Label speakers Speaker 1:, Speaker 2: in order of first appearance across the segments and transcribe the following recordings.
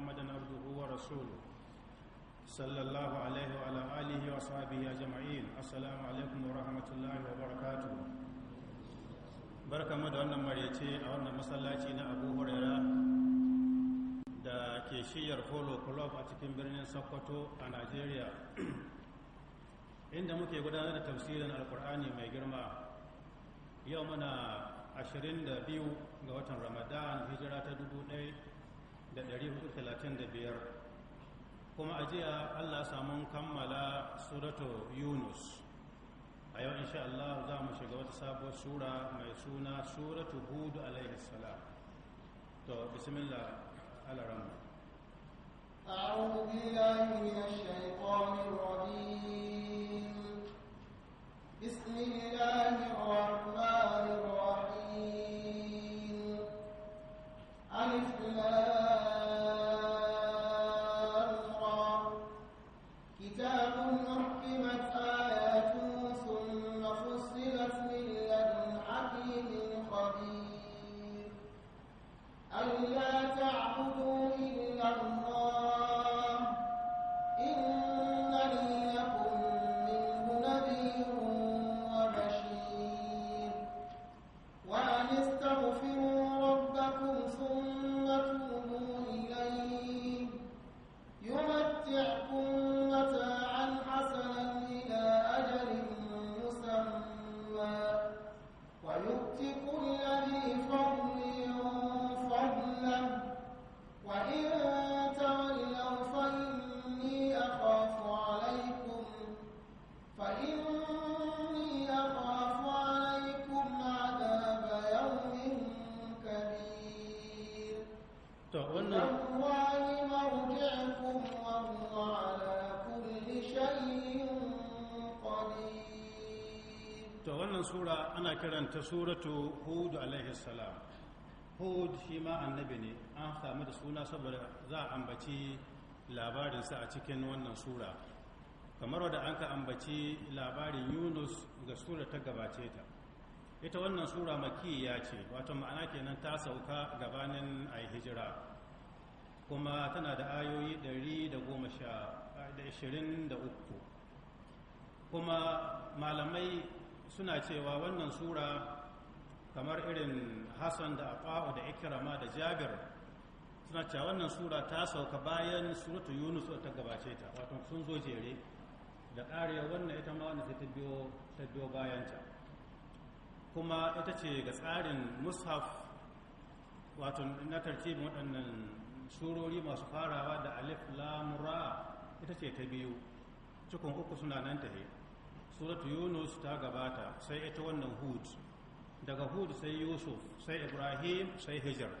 Speaker 1: محمدا عبده ورسوله صلى الله عليه barka mu da wannan maryace a wannan masallaci na abu da ke shiyar folo club a cikin birnin sokoto a Najeriya. inda muke gudanar da tafsirin alkur'ani mai girma yau muna biyu ga watan ramadan hijira ta da ɗari hudu talatin da biyar kuma a jiya allah samu kammala suratu yunus a yau insha allah za mu shiga wata sabuwar sura mai suna suratu hudu alaihi salam to bismillah alaram
Speaker 2: أعوذ بالله من الشيطان الرجيم بسم الله الرحمن الرحيم عن الضلال
Speaker 1: ana kiranta suratu hudu alaihi salam hud shi ma annabi ne an samu da suna saboda za a ambaci labarinsa a cikin wannan sura kamar wadda an ka ambaci labarin yunus ga sura ta gabace ta ita wannan sura makiyya ce wato ma'ana kenan ta sauka gabanin a hijira kuma tana da ayoyi 123 kuma malamai suna cewa wannan sura kamar irin hassan da afa'u da ikirama da jabir suna cewa wannan sura ta sauka bayan suratu yunus ta gabace ta wato sun zo jere da ƙariya wannan ita ma wanda ta biyo ta biyo bayanta kuma ita ce ga tsarin mushaf wato na tartibin waɗannan surori masu farawa da alif lamura ita ce ta biyu cikin uku suna nan tahe suratu yunus ta gabata sai ita wannan hud daga hud sai yusuf sai ibrahim sai hijar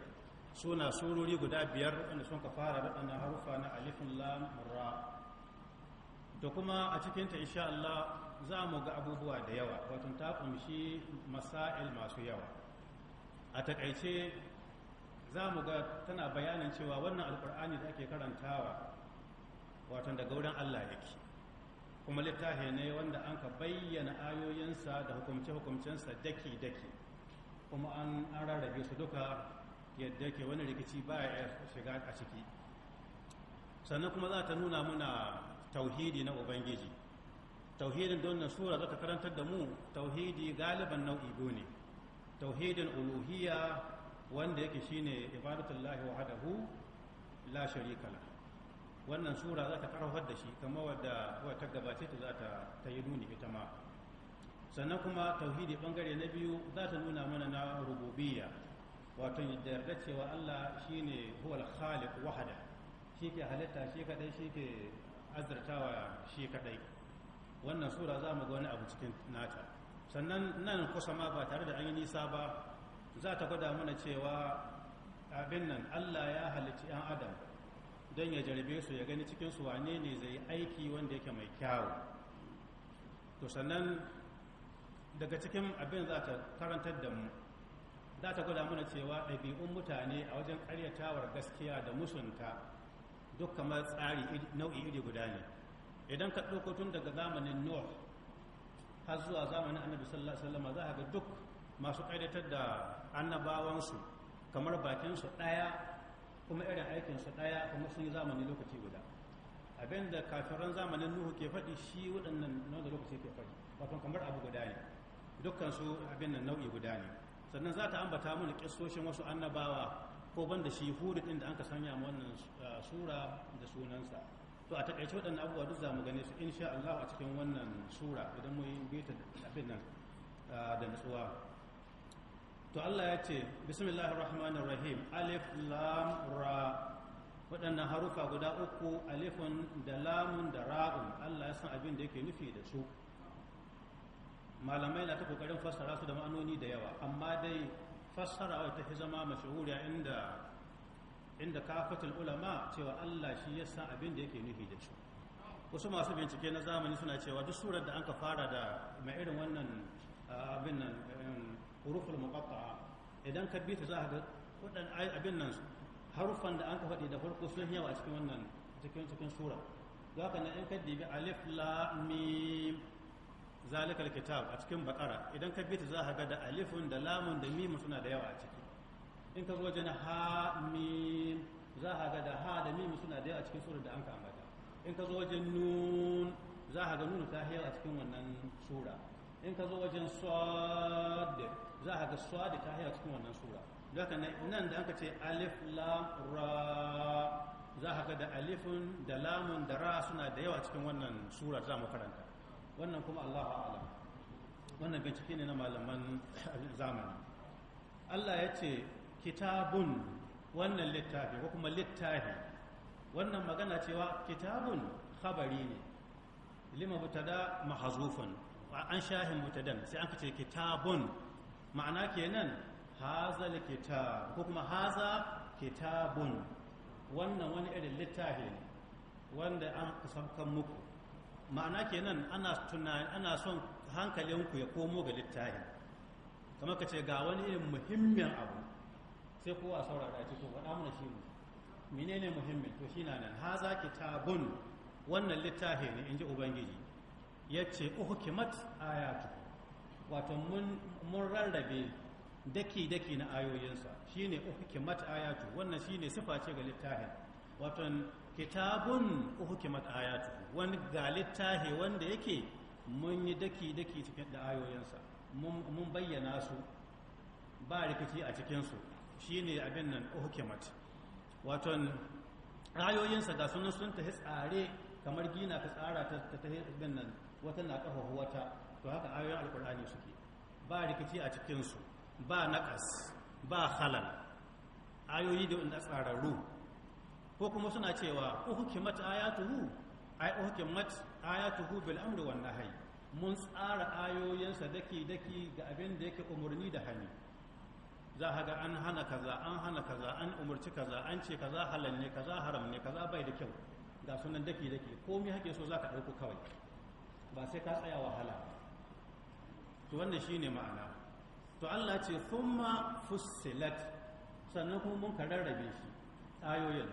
Speaker 1: suna sururi guda biyar wanda sun ka fara waɗannan harufa na alifin lamura da kuma a cikinta insha Allah za mu ga abubuwa da yawa wato ta kumshi masail masu yawa a takaice za mu ga tana bayanin cewa wannan alkur'ani da ake karantawa wato daga wurin Allah yake kuma littafi ne wanda an ka bayyana ayoyinsa da hukumce-hukumcensa daki-daki kuma an rarrabe su duka yadda ke wani rikici ba ya shiga a ciki sannan kuma za ta nuna muna tauhidi na ubangiji tauhidin don sura za ta karantar da mu tauhidi galiban nau'i ne tauhidin uluhiyya wanda yake shine ibadatullahi wahdahu la sharika lahu wannan sura za ta karfafar da shi kamar wadda wata gabace ta za ta yi nuni ita ma sannan kuma tauhidi bangare na biyu za ta nuna mana na rububiyya wato da yarda cewa Allah shine huwal khaliq wahada shi ke halitta shi kadai shi ke azurtawa shi kadai wannan sura za mu ga wani abu cikin nata sannan nan kusa ma ba tare da an yi nisa ba za ta gwada mana cewa abin nan Allah ya halicci 'yan adam don ya jarabe su ya gani cikinsu wane ne zai aiki wanda yake mai kyawu to sannan daga cikin abin za ta karantar da mu za ta gwada mana cewa ɗabi'un mutane a wajen karyatawar gaskiya da musunta duk kamar tsari nau'i iri guda ne idan ka ɗauko tun daga zamanin nuh har zuwa zamanin annabi sallallahu alaihi wasallam za ga duk masu ƙaryatar da annabawansu kamar bakinsu ɗaya kuma irin aikinsa ɗaya daya kuma sun yi zamani lokaci guda abin da kafiran zamanin nuhu ke faɗi shi waɗannan nan da lokaci ke faɗi wato kamar abu guda ne dukkan su abin nan nau'i guda ne sannan za ta ambata mana kisoshin wasu annabawa ko ban da shi hudu ɗin da an ka sanya wannan sura da sunansa to a taƙaice waɗannan abubuwa duk za mu gane su insha Allah a cikin wannan sura idan mu yi bita abin nan da nutsuwa to Allah ya ce bismillahir rahmanir rahim alif lam ra waɗannan harufa guda uku alifun da lamun da ra'un Allah ya san abin da yake nufi da su malamai na ta kokarin fassara su da ma'anoni da yawa amma dai fassara ta fi zama mashahuriya inda inda kafatul ulama cewa Allah shi ya san abin da yake nufi da su wasu masu bincike na zamani suna cewa duk surar da an ka fara da mai irin wannan ah, abin nan um, huruful muqatta'a idan ka bi ta za ka ga wadan abin nan harufan da an ka faɗi da farko sun yawa a cikin wannan cikin cikin sura za ka na in ka dibi alif lam mim zalikal kitab a cikin bakara idan ka bi ta za ka ga da alifun da lamun da mimun suna da yawa a ciki in ka zo wajen ha mim za ka ga da ha da mimun suna da yawa a cikin sura da an ka ambata in ka zo wajen nun za ka ga nun ta yawa a cikin wannan sura in ka zo wajen sad za a ga swadi ta haya cikin wannan sura zaka nan da aka ce alif lam ra za a ga da alifin da lamun da ra suna da yawa cikin wannan sura za mu karanta wannan kuma Allahu a'lam wannan bincike ne na malaman zamani Allah ya ce kitabun wannan littafi ko kuma littafi wannan magana cewa kitabun khabari ne lima mutada mahazufun an shahin mutadan sai an ce kitabun ma'ana kenan haza likita ko kuma haza kitabun wannan wani irin littafi ne wanda an kusankan muku ma'ana kenan ana tunani ana son hankalinku ya komo ga littafi kamar ka ce ga wani irin muhimmin abu sai kowa saurara ce to faɗa mana shi menene muhimmin to shi na nan haza kitabun wannan littafi ne in ji ubangiji ya ce uhukimat wato mun rarrabe daki-daki na ayoyinsa shine uhukimat ayatu wannan shine sifa ce ga littafin wato kitabun uhukimat ayatu wani ga littafi wanda yake mun yi daki-daki cikin da ayoyinsa mun bayyana su ba rikici a cikinsu shine abin nan uhukimat wato ayoyinsa ga sunan sun tafi tsare kamar gina ta tsara ta tafi nan wata na ƙafa wata to haka ayoyin alkur'ani suke ba rikici a cikinsu ba naƙas ba halal ayoyi da wanda tsararru ko kuma suna cewa uhukimat ayatuhu ai uhukimat ayatuhu bil amri wan nahyi mun tsara ayoyinsa daki daki ga abin da yake umarni da hani za a ga an hana kaza an hana kaza an umarci kaza an ce kaza halal ne kaza haram ne kaza bai da kyau ga sunan daki daki komai hake so za ka aiko kawai ba sai ka tsaya wahala to wannan shine ma'ana to Allah ce thumma fussilat sannan kuma mun kararrabe shi ayoyin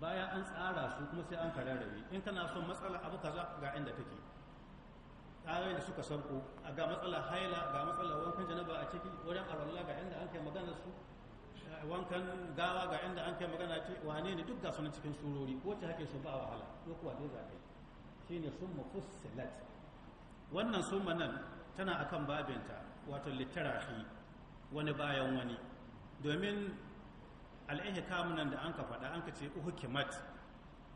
Speaker 1: bayan an tsara su kuma sai an kararrabe in kana son matsala abu kaza ga inda take ayoyin da suka sarko ga matsala haila ga matsala wankan janaba a ciki wajen arwalla ga inda an kai magana su wankan gawa ga inda an kai magana ce wane ne duk ga sunan cikin surori ko ta hake su ba wahala ko kuwa dai za ka yi shine summa fussilat wannan summa nan tana akan babinta wato littarafi wani bayan wani domin al'ihikam kamunan da an ka faɗa an ka ce uhu kimat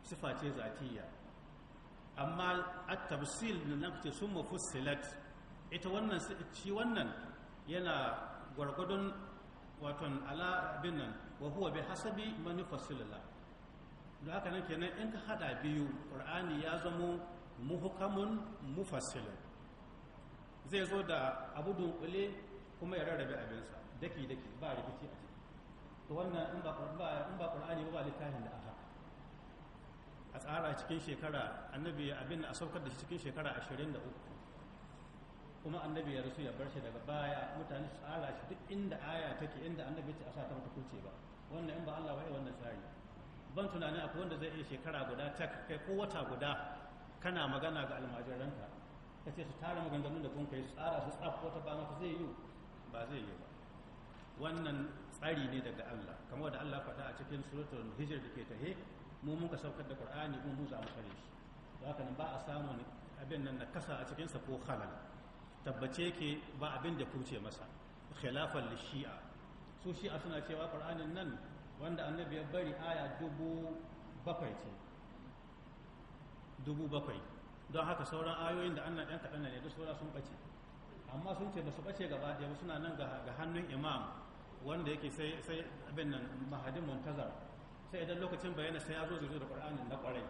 Speaker 1: sifa ce zatiya amma at tafsil nan ka ce sun silat. ita wannan shi wannan yana gwargwadon waton ala bin nan wa huwa bi hasabi manufassilala da haka nan kenan in ka haɗa biyu qur'ani ya zamo muhukamun mufassilun zai zo da abu dunkule kuma ya rarrabe abinsa daki daki ba rikici a ciki to wannan in ba in ba qur'ani ba littafin da aka a tsara cikin shekara annabi abin a saukar da shi cikin shekara 23 kuma annabi ya rasu ya bar shi daga baya mutane su tsara shi duk inda aya take inda annabi ce a sa ta mata kuce ba wannan in ba Allah ba wannan tsari ban tunanin akwai wanda zai iya shekara guda tak kai ko wata guda kana magana ga almajiranka ka ce su tara maganganun da kun kai su tsara su tsaf wata ba maka zai yi ba zai yi ba wannan tsari ne daga Allah kamar da Allah faɗa a cikin suratul hijr da ke tahe mu muka saukar da qur'ani mu mu za mu sare shi haka nan ba a samu abin nan na kasa a cikinsa ko halal tabbace ke ba abin da kuce masa khilafan shi'a su shi'a suna cewa qur'anin nan wanda annabi ya bari aya dubu bakwai ce dubu bakwai don haka sauran ayoyin da annan ɗan kaɗan ne duk sauran sun ɓace amma sun ce ba su ɓace gaba ɗaya ba suna nan ga hannun imam wanda yake sai sai abin nan mahadin muntazar sai idan lokacin bayyana sai ya zo zai da qur'anin na ƙwarai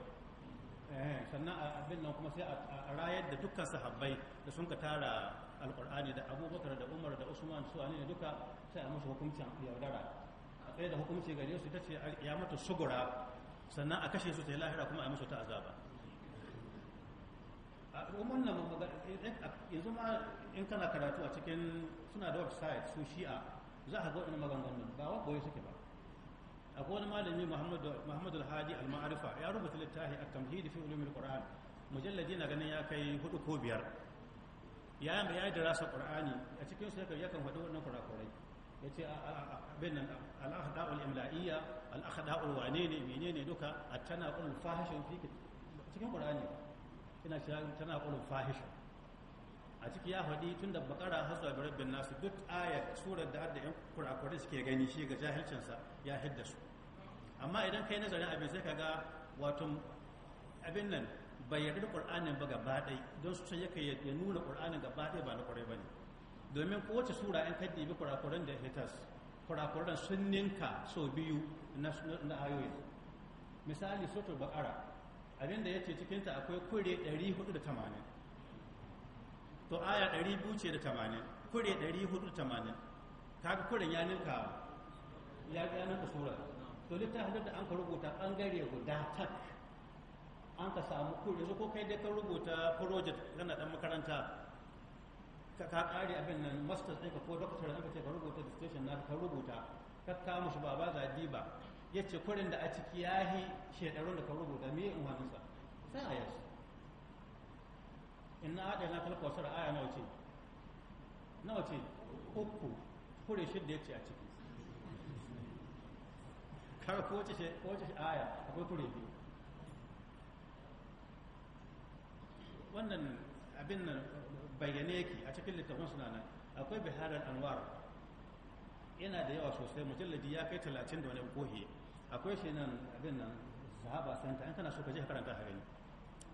Speaker 1: eh, sannan abin nan kuma sai a rayar da dukkan sahabbai da sun ka tara alƙur'ani da abubakar da umar da usman su ne duka sai a musu hukuncin yaudara a tsaye da hukunci gare su ta ce mata sugura sannan a kashe su sai lahira kuma a musu ta azaba wannan eh, eh, yanzu ma in kana karatu a cikin suna da website su shi'a za a ga wani maganganun ba wa boye suke ba akwai wani malami muhammadu alhadi al-ma'arifa ya rubuta littafi a tamhidi fi ulumul qur'an mujalladi na ganin ya kai hudu ko biyar ya yi darasa da rasa qur'ani a cikin su ya kan faɗi wannan kurakurai ya ce abin nan al-akhda'ul imla'iyya al-akhda'ul wane ne menene duka at-tanaqul fahishin fi cikin qur'ani ina shiga tana qulul fahisha a ciki ya faɗi tun da bakara har da rabbin nasu duk ayar surar da har da yan kurakurai suke gani shi ga jahilcinsa ya hidda su amma idan kai nazarin abin sai ka ga wato abin nan bai yarda da qur'anin ba gaba ɗai don su sai yake ya nuna qur'anin gaba ɗai ba na ƙwarai bane domin kowace sura in kaddi bi kurakuran da hitas kurakuran sun ninka sau biyu na ayoyi misali suratul bakara abinda ya cikin ta akwai kure 480 to aya 200 kure 480 kaga kuren ya ninka ya ga nan sura to littafin da an ka rubuta bangare guda tak an ka samu kure ko kai dai ka rubuta project kana dan makaranta ka kare abin nan masters ka ko doctor ka ce ka rubuta dissertation na ka rubuta ka kama shi ba ba ya ce kurin da a ciki ya yi shekarun da ka rubuta me in hannunsa sai a yasu in na haɗe na kalkwasar aya nawa ce nawa ce uku kure shidda ya ce a ciki kar ko wace aya akwai kure biyu wannan abin nan bayyane yake a cikin littafin suna nan akwai biharar anwar yana da yawa sosai mujalladi ya kai talatin da wani kohe akwai shi nan abin nan sahaba santa in kana so ka je karanta ka gani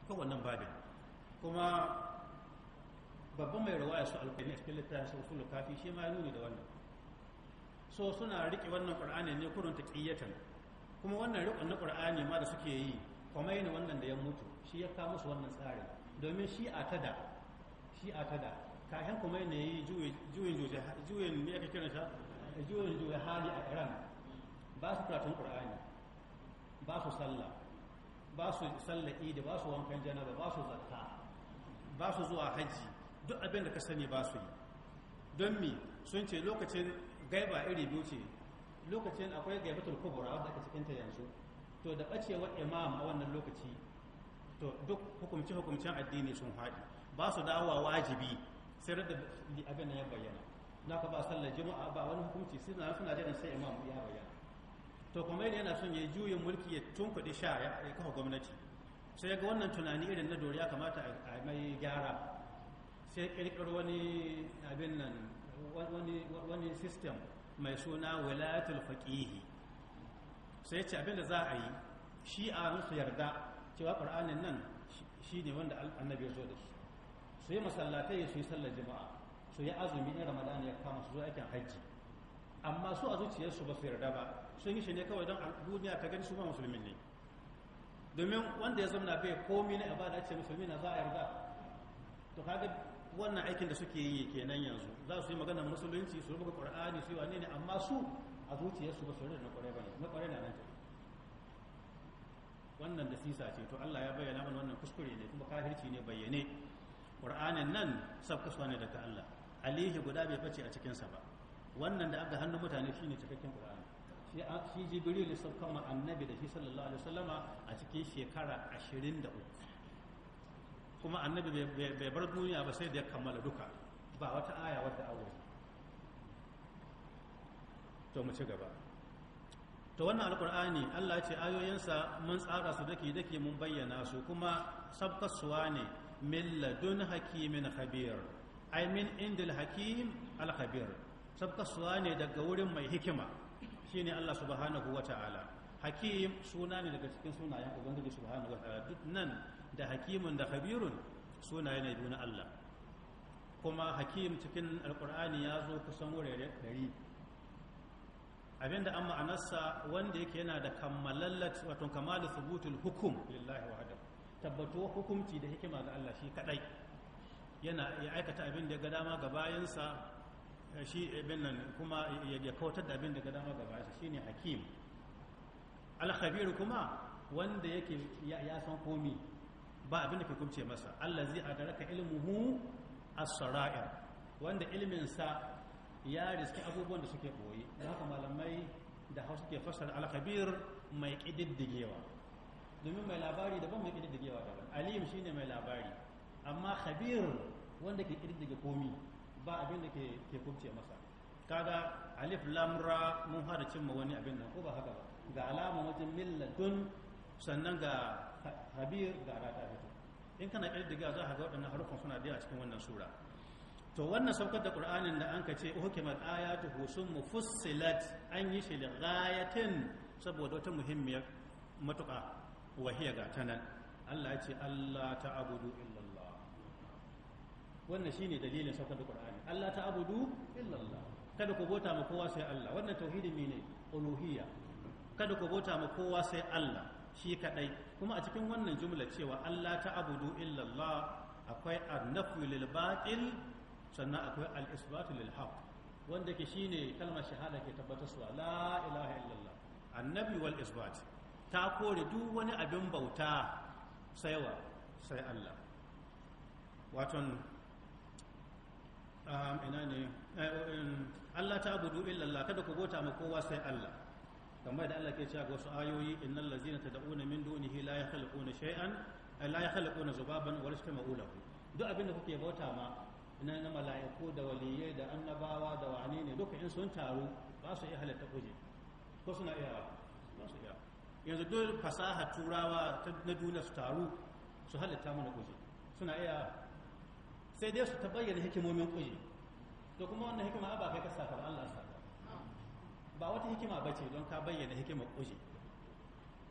Speaker 1: ko wannan babin kuma babban mai rawaya su alƙalin a cikin littafin su usul kafi shi ma ya nuni da wannan so suna riƙe wannan qur'ani ne kurun taqiyatan kuma wannan riƙon na qur'ani ma da suke yi kuma yana wannan da ya mutu shi ya kawo musu wannan tsari domin shi a tada shi a tada kayan kuma ne yi juyin juyin juyin sa juyin juyin hali a Iran ba su karatun ƙur'ani ba su sallah ba su sallah idi ba su wankan janaba ba su zakka ba su zuwa hajji duk abin da ka sani ba su yi don mi sun ce lokacin gaiba iri biyu ce lokacin akwai gaibatul kubra wadda aka cikinta yanzu to da ɓacewar imam a wannan lokaci to duk hukumce hukumcen addini sun haɗi ba su dawowa wajibi sai da abin ya bayyana na ka ba sallar jima'a ba wani hukunci suna suna jiran sai imam ya bayyana to kuma yana son ya juyin mulki ya tunkuɗe sha ya kafa gwamnati sai ga wannan tunani irin na doriya kamata a mai gyara sai ƙirƙiro wani abin nan wani system mai suna wilayatul fakihi sai ce abin da za a yi shi a musu yarda cewa ƙar'anin nan shi ne wanda annabi ya zo da shi su yi masallatai su yi sallar jima'a su yi azumi in ramadan ya kama su zo aikin hajji amma su a zuciyarsu ba su yarda ba sun yi shi ne kawai don duniya ta gani su ma musulmi ne domin wanda ya zama bai komi na ibada ce musulmi na za a yarda to kaga wannan aikin da suke yi kenan yanzu za su yi magana musulunci su rubuta qur'ani su yi wani ne amma su a zuciyarsu ba su rinda na ba bane na kwarai na nan wannan da sisa ce to Allah ya bayyana mana wannan kuskure ne kuma kafirci ne bayyane qur'anin nan sabkaswa ne daga Allah alihi guda bai bace a cikin sa ba wannan da aka hannu mutane shine cikakken shi jibril sun kama annabi da shi sallallahu alaihi wasallama a cikin shekara 23 kuma annabi bai bar duniya ba sai da ya kammala duka ba wata aya wadda awo to mu ci gaba to wannan alkur'ani Allah ce ayoyinsa mun tsara su dake dake mun bayyana su kuma sabkasuwa ne min ladun hakimin khabir I mean indil hakim al khabir sabkasuwa ne daga wurin mai hikima shine Allah subhanahu wa ta'ala hakim suna ne daga cikin sunayen ubangiji subhanahu wa ta'ala duk nan da hakimun da khabirun suna ne biyu Allah kuma hakim cikin alkur'ani ya zo kusan wurare ɗari abinda an ma'anarsa wanda yake yana da kammalallat wato kamalu thubutul hukum lillahi hukumci da hikima ga Allah shi kadai yana ya aikata abin da ya ga dama ga bayansa shi ibn nan kuma ya kautar da abin daga dama gaba shi ne hakim al kuma wanda yake ya san komi ba abin da ke kumce masa Allah zai adraka ilmuhu as-sara'ir wanda ilmin sa ya riski abubuwan da suke boye da haka malamai da hausa suke fassara al mai kididdigewa domin mai labari daban mai kididdigewa daban alim shine mai labari amma khabir wanda ke kididdige komi ba abin da ke kubce masa kaga alif lamra mun hada cimma wani abin nan ko ba haka ba ga alama wajen millatun sannan ga habir ga rata fito in kana kirdiga za ka ga waɗannan harufan suna da a cikin wannan sura to wannan saukar da qur'anin da an ce hukimat ayatuhu sun mufussilat an yi shi li saboda wata muhimmiyar matuƙa wahiya ga ta nan Allah ya ce Allah ta abudu illallah wannan shine dalilin saukar da qur'ani Allah ta abudu illallah kada ku bota ma kowa sai Allah wannan tauhidin ne uluhiyya kada ku bota ma kowa sai Allah shi kadai kuma a cikin wannan jumla cewa Allah ta abudu illallah akwai annafu lil batil sannan akwai al isbatu lil haqq wanda ke shine kalmar shahada ke tabbatar su la ilaha illallah annabi wal isbat ta kore duk wani abin bauta saiwa sai Allah waton Um, ina ne eh, um, Allah ta abudu illallah kada ku bota ma kowa sai Allah kamar da Allah ke cewa ga wasu ayoyi innal ladzina tad'una min dunihi la yakhluquna shay'an eh, la yakhluquna zubaban wa la yashma'u duk abin da kuke bauta ma ina na mala'iku da waliyai da annabawa da wani ne duka in sun taru ba su iya halatta kuje ko suna iya ba su iya yanzu duk fasaha turawa na duniya su taru su halatta mana kuje suna iya sai dai su ta bayyana hikimomin ƙuyi to kuma wannan hikima ba kai ka saka ba Allah saka ba wata hikima ba ce don ka bayyana hikimar ƙuyi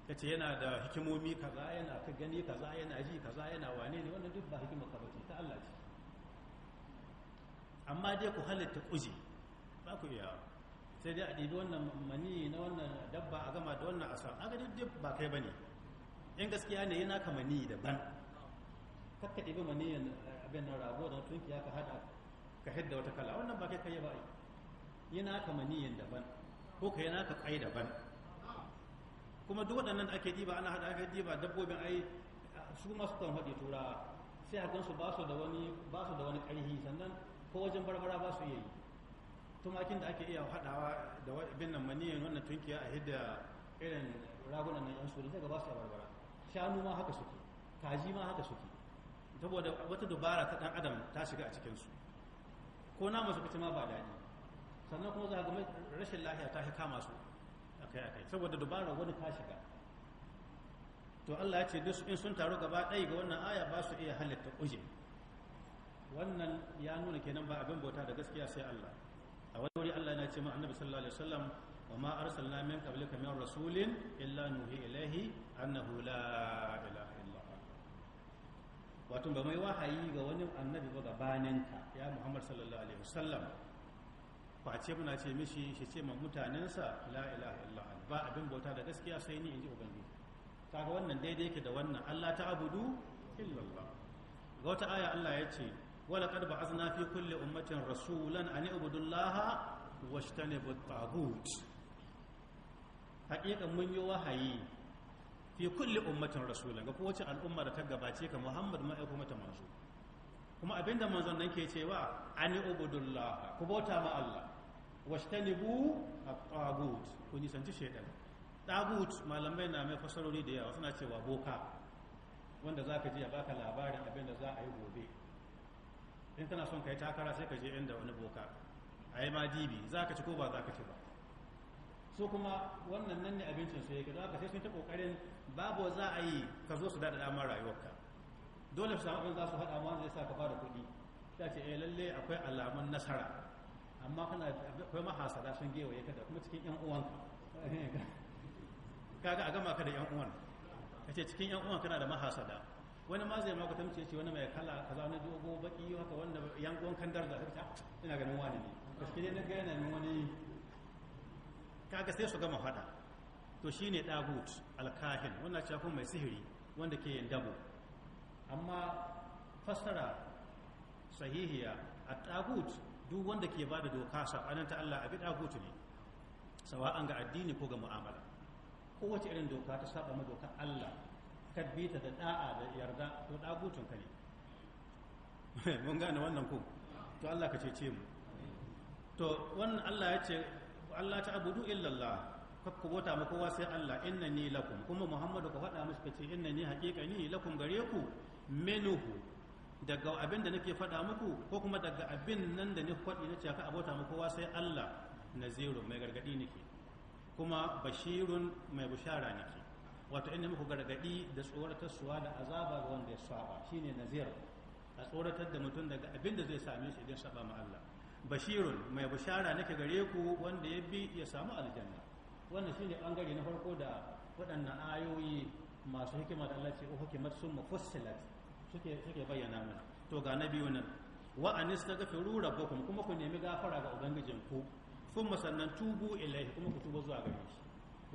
Speaker 1: ka ce yana da hikimomi kaza yana ka gani kaza yana ji kaza yana wane ne wannan duk ba hikimar ka ba ce ta Allah ce amma dai ku halitta ƙuyi ba ku iya sai dai a ɗibi wannan mani na wannan dabba a gama da wannan asa aga duk ba kai ba ne in gaskiya ne yana kamani mani daban kakka ɗibi mani abin nan rago da tunkiya ka hada ka hidda wata kala wannan ba kai kai ba yana ka maniyin daban ko kai yana ka kai daban kuma duk waɗannan ake diba ana hada ake diba dabbobin ai su ma su kan hade tura sai a gansu ba su da wani ba su da wani karhi sannan ko wajen barbara ba su iya yi tumakin da ake iya hadawa da abin nan maniyin wannan tunkiya a hidda irin ragunan nan yan su ne zai ga ba su barbara shanu ma haka suke kaji ma haka suke saboda wata dubara ta dan adam ta shiga a cikinsu ko na masu kuma ma ba daɗi sannan kuma za ga rashin lafiya ta kama su akai akai saboda dubara wani ta shiga to Allah ya ce duk in sun taru gaba ɗaya ga wannan aya ba su iya halitta kuje. wannan ya nuna kenan ba abin bauta da gaskiya sai Allah a wani wuri Allah yana ce ma annabi sallallahu alaihi wasallam wa ma arsalna min qablika min rasulin illa nuhi ilaihi annahu la ilaha wato ba mai wahayi ga wani annabi ba gabaninka ya muhammad sallallahu alaihi wasallam ce muna ce mishi shi ce ma mutanensa la ilaha illallah ba abin bauta da gaskiya sai ni inji ubangiji kaga wannan daidai yake da wannan Allah ta abudu illallah ga wata aya Allah ya ce wala qad ba'athna fi kulli ummatin rasulan an ibudu allaha washtanibu at-taghut haƙiƙa mun yi wahayi fi kulli ummatin rasulan ga kowace al'umma da ta gabace ka muhammad ma kuma ta manzo kuma abinda manzon nan ke cewa ani ubudullah ku bauta ma Allah washtanibu at-tagut ku nisanci shaytan tagut malamai na mai fasarori da yawa suna cewa boka wanda zaka ji ya baka labarin abinda za a yi gobe in kana son kai takara sai ka je inda wani boka ai ma dibi zaka ci ko ba zaka ci ba so kuma wannan nan ne abincin sai ka zaka sai sun ta kokarin babu za a yi ka zo su daɗa damar rayuwarka dole su samu za su haɗa ma zai sa ka fara kuɗi ta ce eh lalle akwai alamun nasara amma kana akwai mahasada sun gewaye ka da kuma cikin yan uwanka ga a gama ka da yan uwan ka ce cikin yan uwan kana da mahasada wani ma zai maka tamce ce wani mai kala kaza na dogo baki haka wanda yan uwan kan darda ta ah, ina ganin wani ne ne na gane wani kaga sai su gama faɗa to shi ne ɗagut alkahin wannan cakon mai sihiri wanda ke yin dabo amma fassara sahihiya a ɗagut duk wanda ke bada doka sabanin ta Allah abi ɗagut ne sawa'an ga addini ko ga mu'amala kowace irin doka ta saba ma dokan Allah kadbita da da'a da yarda to ɗagutun ka ne mun gane wannan ko to Allah ka ce mu to wannan Allah ya ce Allah ta abudu illallah ku bota ma kowa sai Allah inna ni lakum kuma Muhammadu ka faɗa musu kace inna ni haƙiƙa ni lakum gare ku menuhu daga abin da nake faɗa muku ko kuma daga abin nan da ni faɗi na ce ka abota ma kowa sai Allah naziru mai gargadi nake kuma bashirun mai bushara nake wato inda muku gargadi da tsoratar suwa da azaba ga wanda ya saba shine nazir a tsoratar da mutum daga abin da zai same shi idan saba ma Allah bashirun mai bushara nake gare ku wanda ya bi ya samu aljanna wannan shine bangare na farko da waɗannan ayoyi masu hikima da Allah ce o oh, hukimat sun mufassilat suke suke bayyana mana to ga na biyu nan wa anistaghfiru rabbakum kuma ku nemi gafara ga ku kun sannan tubu ilaihi kuma ku tuba zuwa gare shi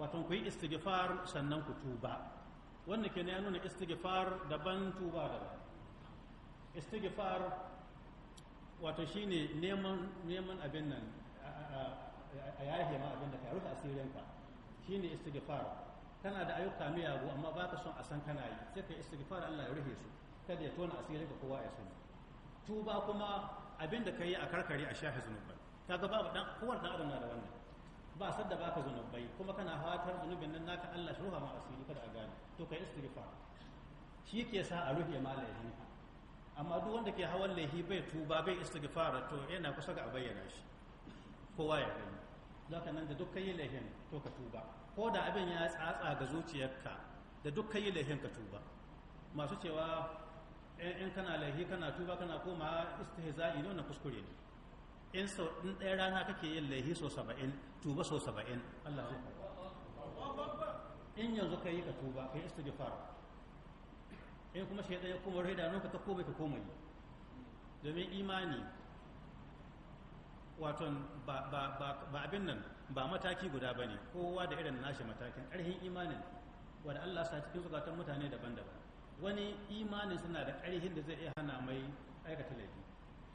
Speaker 1: wato ku yi istighfar sannan ku tuba wannan kenan ya nuna istighfar daban tuba daban istighfar wato shine neman neman abin nan a yahe ma abin da ka rufe asirinka shine istighfar kana da ayyuka miyagu amma ba ka son a san kana yi sai ka istighfar Allah ya rufe su kada ya tona asirinka kowa ya sani tuba kuma abin da ka yi a karkare a shafe zunubai kaga babu dan kowar dan adam na da wannan ba sadda baka zunubai kuma kana fatar zunubin nan naka Allah shi ruha ma asiri kada a gane to kai istighfar shi ke sa a rufe ma laifinka amma duk wanda ke hawan laifi bai tuba bai istighfar to yana kusa ga a bayyana shi kowa ya gani zaka nan da duk yi lahin to ka tuba ko da abin ya tsatsa ga zuciyarka da duk yi lahin ka tuba masu cewa eh, in kana laifi kana tuba kana koma istihza'i ne na kuskure ne in so in ɗaya rana kake yin laifi so 70 tuba so 70 Allah zai
Speaker 2: karɓa
Speaker 1: in yanzu ka yi ka tuba kai istighfar in kuma shi ya kuma raida nan ka koma ka koma domin imani waton ba abin nan ba mataki guda ba ne kowa da irin nashi matakin ƙarfin imanin wadda Allah sa cikin zukatan mutane daban-daban wani imanin suna da ƙarfin da zai iya hana mai aikata laifi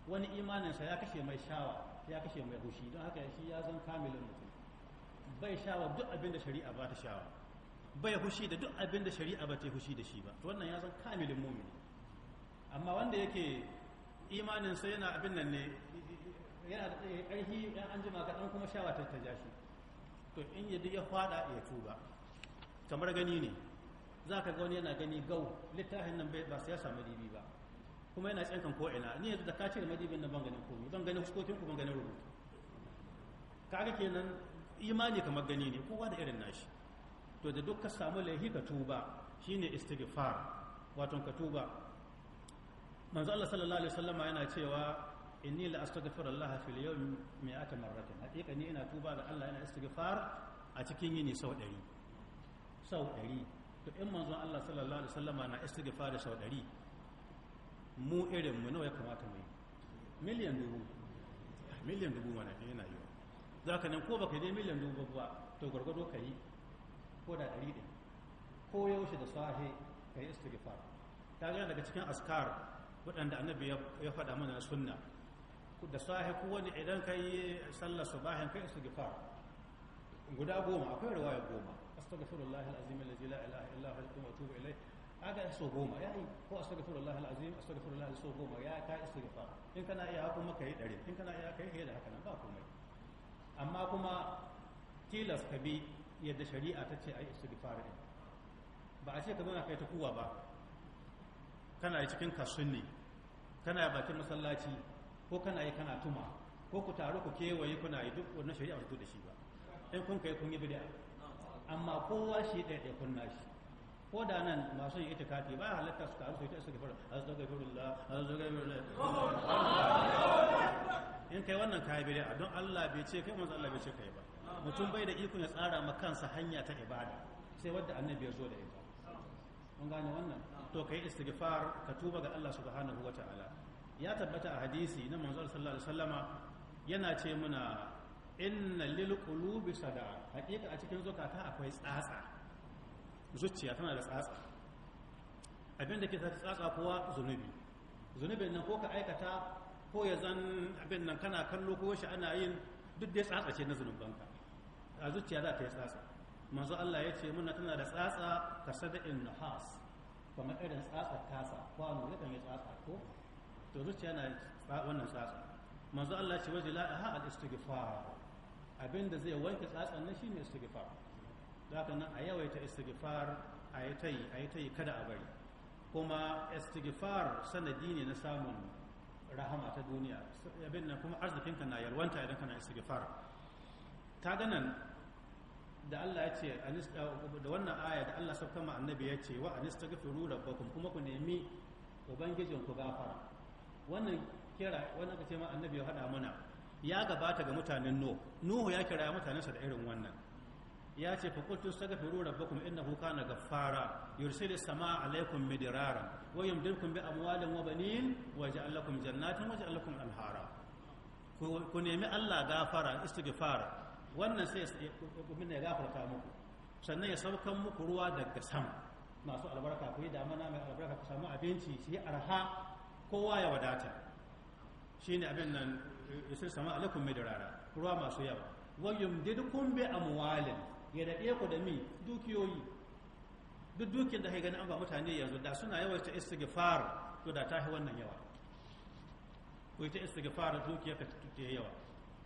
Speaker 1: wani imaninsa ya kashe mai shawa ya kashe mai hushi don haka shi ya zan kamilin mutum bai shawa duk abin da shari'a ba ta shawa bai hushi da duk abin da shari'a ba ta hushi da shi ba wannan ya zan kamilin mumini amma wanda yake imaninsa yana abin nan ne yana da ƙarfi ɗan an jima kaɗan kuma shawa ta ta jashi to in yadda ya faɗa ya tuba kamar gani ne za ka wani yana gani gau littafin nan ba su ya samu ribi ba kuma yana tsinkan ko ina ni yanzu da ka ce da madibin nan ban ganin komai ban ganin huskokin ku ban ganin rubutu kaga kenan imani kamar gani ne kowa da irin nashi to da duk ka samu laihi ka tuba shine istighfar wato ka tuba manzo Allah sallallahu alaihi wasallama yana cewa inni la astaghfiru Allah fil yawmi mi'ata marratin haƙiƙa ni ina tuba ga Allah ina istighfar a cikin yini sau ɗari sau ɗari to in manzon Allah sallallahu alaihi wasallama na istighfar da sau ɗari mu irin mu nawa ya kamata mu yi miliyan dubu miliyan dubu wani yana yi za ka nan ko baka je miliyan dubu ba to gargado ka yi ko da ɗari ɗin ko yaushe da sahe ka yi istighfar ta daga cikin askar waɗanda annabi ya faɗa mana sunna da sahi kowane idan ka yi sallar subahin kai istighfar guda goma akwai riwaya goma astaghfirullahi alazim allazi la ilaha illa huwa wa atubu ilayh aga so goma yayi ko astaghfirullahi alazim astaghfirullahi so goma ya ka istighfar in kana iya kuma yi dare in kana iya kai da haka nan ba komai amma kuma tilas ka bi yadda shari'a ta ce ai istighfar din ba a ce ka zauna kai ta kuwa ba kana cikin kasunni kana bakin masallaci ko kana yi kana tuma ko ku taru ku kewaye kuna yi duk wannan shari'a ba da shi ba in kun kai kun yi bid'a amma kowa shi ɗaya ɗaya kun nashi ko da nan masu yi ita kafi ba halatta su taru su yi ta istighfar astaghfirullah astaghfirullah in kai wannan kai bid'a don Allah bai ce kai manzo Allah bai ce kai ba mutum bai da iko ya tsara ma kansa hanya ta ibada sai wanda annabi ya zo da ita mun gane wannan to kai istighfar ka tuba ga Allah subhanahu wataala ya tabbata a hadisi na manzo sallallahu alaihi wasallama yana ce muna inna lil qulubi da hakika a cikin zukata akwai tsatsa zuciya tana da tsatsa abin da ke ta tsatsa kowa zunubi zunubin nan ko ka aikata ko ya zan abin nan kana kallo ko shi ana yin duk dai tsatsa ce na zunubanka a zuciya za ta yi tsatsa manzo Allah ya ce muna tana da tsatsa ka in nahas kamar irin tsatsa kasa kwano yakan yi tsatsa ko to zuciya na wannan tsatsa manzo Allah ce waje ha al istighfar abinda zai wanke tsatsan nan shine istighfar haka nan a yawaita istighfar a yi ta kada a bari kuma istighfar sanadi ne na samun rahama ta duniya abin nan kuma arzikinka na yalwanta idan kana istighfar ta ganan da Allah ya ce da wannan aya da Allah sauka ma annabi ya ce wa anistaghfiru rabbakum kuma ku nemi ubangijinku gafara wannan kira wannan kace ma annabi ya hada mana ya gabata ga mutanen no nuhu ya kira mutanensa da irin wannan ya ce fa kuntu astaghfiru rabbakum innahu kana gaffara yursilu samaa alaykum midrara wa yumdidukum bi amwalin wa banin wa lakum jannatin wa lakum anhara ku nemi Allah gafara istighfar wannan sai ya gafarta muku sannan ya saukan muku ruwa daga sama masu albarka ku yi damana mai albarka ku samu abinci shi arha kowa ya wadata shi ne abin nan isir sama alaikum dirara ruwa masu yawa wa yumdidukum a amwalin ya daɗe ku da mi dukiyoyi duk dukiyar da haigani an ba mutane yanzu da suna yawaita istighfar to da ta wannan yawa ku ta istighfar dukiyar ka ta yawa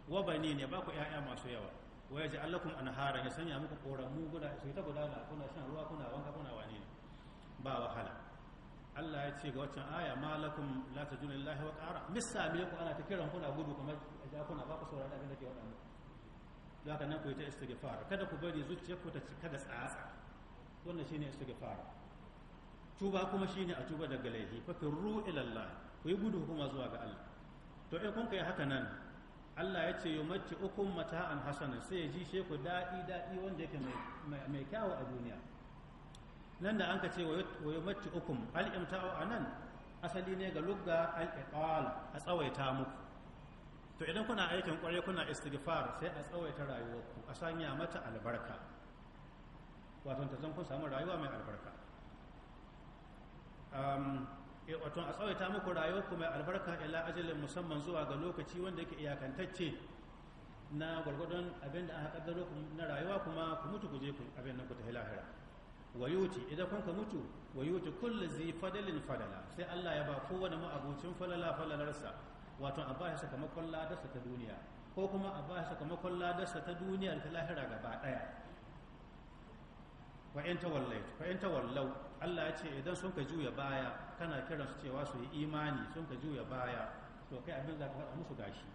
Speaker 1: wa bani ne ba ku ƴaƴa masu yawa wa yaji allakum hara ya sanya muku mu guda su ta gudana kuna shan ruwa kuna wanka kuna wani ba wahala Allah ya ce ga waccan aya malakum la tajuna lillahi wa qara missa ku ana ta kiran kuna gudu kamar ja kuna ba ku saurari abin da ke wadannan da haka nan ku yi ta istighfar kada ku bari ku ta cika da tsatsa wannan shine istighfar tuba kuma shine a tuba daga laifi fa firru ila Allah ku yi gudu kuma zuwa ga Allah to in kun kai haka nan Allah ya ce yumatti ukum mata'an hasana sai ya ji sheku dadi dadi wanda yake mai mai kyau a duniya nan da an ka ce wa yi mace hukum al'imta'u a nan asali ne ga lugga al'iƙal a tsawaita muku to idan kuna aikin ƙwarai kuna istighfar sai a tsawaita rayuwarku a sanya mata albarka wato ta zan kun samu rayuwa mai albarka eh, wato a tsawaita muku rayuwarku mai albarka ila ajalin musamman zuwa ga lokaci wanda yake iyakantacce na gwargwadon abin da aka ƙaddaro na rayuwa kuma ku mutu ku je abin nan ku ta lahira wa yuti idan kun ka mutu wa yuti kullu zi fadalin fadala sai Allah ya ba kowane ma'abucin falala falalarsa wato a bashi sakamakon ladarsa ta duniya ko kuma a bashi sakamakon ladarsa ta duniya ta lahira gaba daya wa in tawallai fa in tawallau Allah ya ce idan sun ka juya baya kana kiran su cewa su yi imani sun ka juya baya to kai abin za ka faɗa musu gashi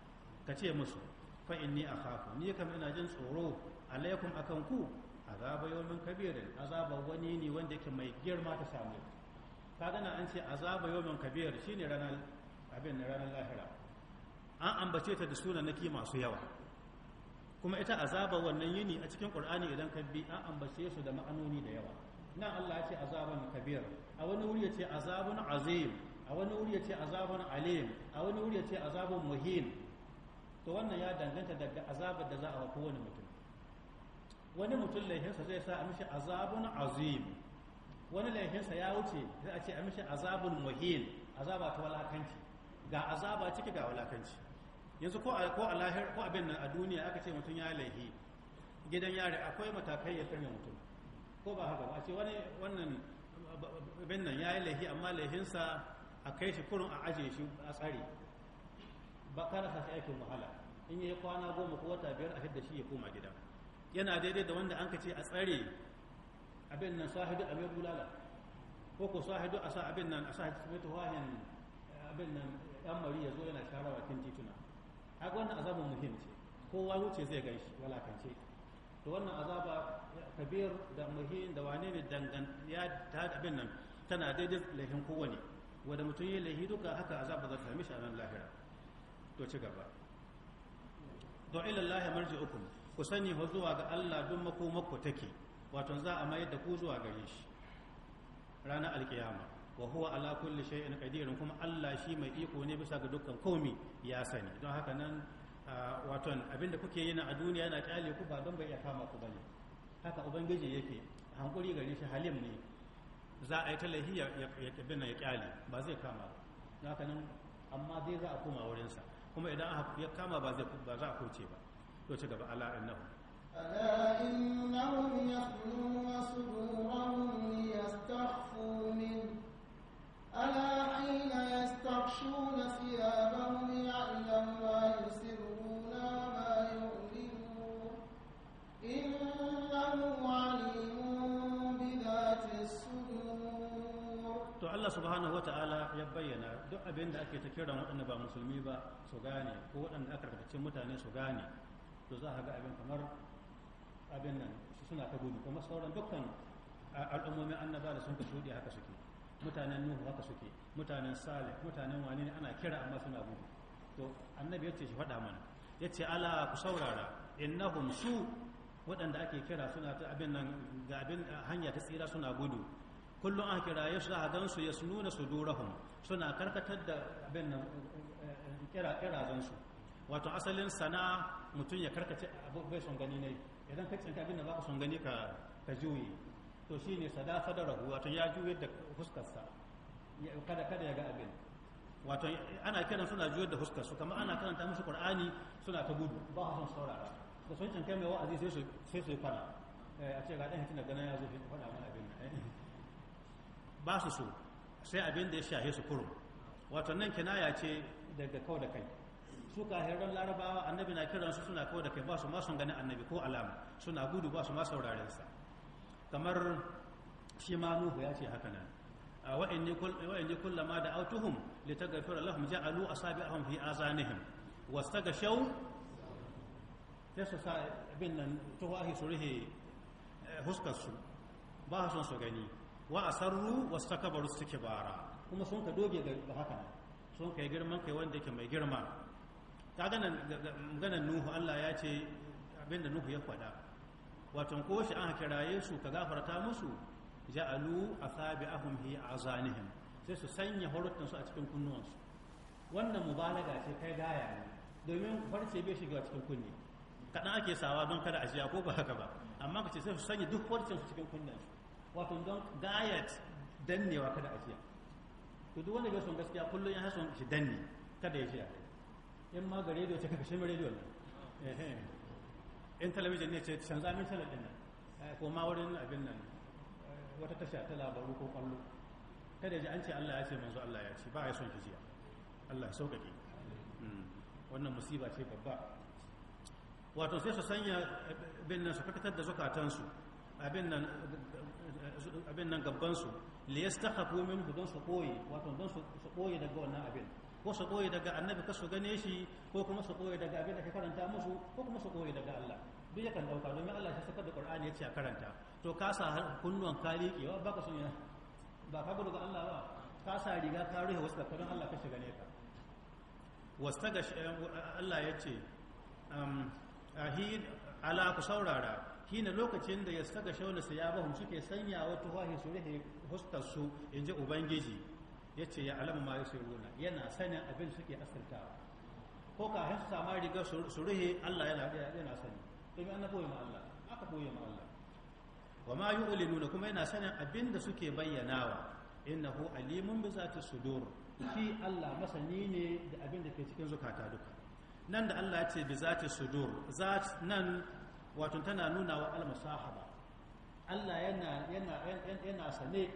Speaker 1: ka ce musu fa inni akhafu ni kam ina jin tsoro alaikum akan ku azaba yawmin kabirin azaba wani ne wanda yake mai girma ta samu Ka gana an ce azaba yawmin kabir shine ranar abin ranar lahira an ambace ta da sunan naki masu yawa kuma ita azaba wannan yini a cikin qur'ani idan ka bi an ambace su da ma'anoni da yawa nan Allah ya ce azaban kabir a wani wuri ya ce azabun azim a wani wuri ya ce azabun alim a wani wuri ya ce azabun Muhin. to wannan ya danganta daga azabar da za a wa kowane mutum wani mutum laifinsa zai sa a mishi azabun azim wani laifinsa ya wuce zai a ce a mishi azabun muhil azaba ta walakanci ga azaba ciki ga walakanci yanzu ko a abin nan a duniya aka ce mutum ya laifi gidan yare akwai matakai ya sanya mutum ko ba haka ba a ce wannan abin nan ya yi laifi amma laifinsa a kai shi kurun a ajiye shi a tsari ba kara shi aikin wahala in ya kwana goma ko wata biyar a hidda shi ya koma gida yana daidai da wanda an ka ce a tsare abin nan sahidu a mai bulala ko ko sahidu a sa abin nan a sa mai tawahin abin nan yan mari ya zo yana sharawa kin tituna haka wannan azabin muhimmi kowa wuce zai gan shi walakance to wannan azaba kabir da muhim da wane ne dangan ya ta abin nan tana daidai lahin kowane wanda mutum yi lahi duka haka azaba za ta sami shi a nan lahira to ci gaba to ilallahi marji'ukum ku sani ho zuwa ga Allah duk makomakku take wato za a mayar da ku zuwa gare shi ranar alkiyama wa huwa ala kulli shay'in qadirun kuma Allah shi mai iko ne bisa ga dukkan komi ya sani don haka nan wato abinda kuke yi na a duniya yana kyale ku ba don bai iya kama ku bane haka ubangiji yake hankuri gare shi halim ne za a yi talahi ya bina ya kyale ba zai kama ba don haka nan amma zai za a koma wurinsa kuma idan ya kama ba za a koce ba to ci gaba ala innahu
Speaker 2: ala innahum yakhluna sudurahum liyastakhfu ala hina yastakhshuna thiyabahum ya'lamu ma yusirruna ma yu'linun
Speaker 1: to Allah subhanahu wata'ala ya bayyana duk abin da ake ta kiran waɗanda ba musulmi ba su gane ko waɗanda aka karkacin mutane su gane to za a ga abin kamar abin nan suna ta gudu kuma sauran dukkan al'ummomin annaba da sun ka shuɗe haka suke mutanen nuhu haka suke mutanen salih mutanen wani ne ana kira amma suna gudu to annabi ya ce shi faɗa mana Ya ce ala ku saurara innahum su waɗanda ake kira suna ta abin nan ga abin hanya ta tsira suna gudu kullum an kira ya suna gan su ya Su sudurahum suna karkatar da abin nan eh, eh, kira kirazan su wato asalin sana mutum ya karkace abu bai son gani ne idan ka tsinka abin da baka son gani ka ka juye to shine sada rahu wato ya juye da huskarsa kada kada ya ga abin wato ana kiran suna juyar da huskar su kamar ana karanta musu qur'ani suna ta gudu ba su son saurara da sun tsinka mai wa'azi sai su sai su fara eh, a ce ga dan hitin da ganin ya zo fi fada mana abin ba su so sai abin da ya shahe su kurum wato nan kinaya ce daga kau da kai su kahiran larabawa annabi na kiransu suna kawo da kai ba su ma sun gani annabi ko alama suna gudu ba su ma sauraren sa kamar shi ma nuhu ya ce haka nan wa inni ma da autuhum litaghfira lahum ja'alu asabi'ahum fi azanihim wastaghshaw sai su sa bin nan tuwahi su rihe eh, huskar su ba su su gani wa asarru suke bara, kuma sun ka doge ga haka sun kai girman kai wanda yake mai girma ta maganar nuhu allah ya ce abinda nuhu ya fada wato ko shi an kiraye su ka gafarta musu ja'alu asabi'ahum hi azanihim sai su sanya horutan su a cikin kunnuwansu wannan mubalaga ce kai gaya ne domin farce bai shiga cikin kunni kaɗan ake sawa don kada a jiya ko ba haka ba amma ka sai su sanya duk farcen su cikin kunnensu wato don gayat dannewa kada a jiya to duk wanda bai son gaskiya kullum ya son shi danne kada ya jiya. in ma ga rediyo ce ka kashe mai rediyo nan in talabijin ne ce canza min talabijin nan eh, ko ma wurin abin nan eh, wata tasha ta labaru ko kwallo kada ji an ce Allah ya ce manzo Allah ya ce ba a son kijiya Allah ya sauƙaƙe hmm. wannan musiba ce babba wato sai su sanya abin nan su fitar da zukatansu abin nan abin nan gabbansu li min minhu don su koyi wato don su koyi daga wannan abin ko su ɓoye daga annabi ka su gane shi ko kuma su ɓoye daga abin da ka karanta musu ko kuma su ɓoye daga Allah duk yakan dauka domin Allah ya saka da Qur'ani ya ce a karanta to ka sa kunnuwan ka liƙewa baka sun ya, ba ka gudu ga Allah ba ka sa riga ka ruhe wasu da don Allah ka shiga ne ka wasta ga eh, Allah ya ce ala ku saurara kina lokacin da ya saka shaula sai ya bahum suke sanya wa tuhahi su rihe hustarsu in ji ubangiji ya ce ya alamu ma yi runa yana sanin abin suke asirtawa ko ka hin sama riga su ruhe Allah yana sani domin an boye ma Allah aka koyi ma Allah wa ma yu'linuna kuma yana sanin abin da suke bayyanawa innahu alimun bi zati sudur shi Allah masani ne da abin da ke cikin zukata duka nan da Allah ya ce bi zati sudur zat nan wato tana nuna wa al-musahaba Allah yana yana yana sane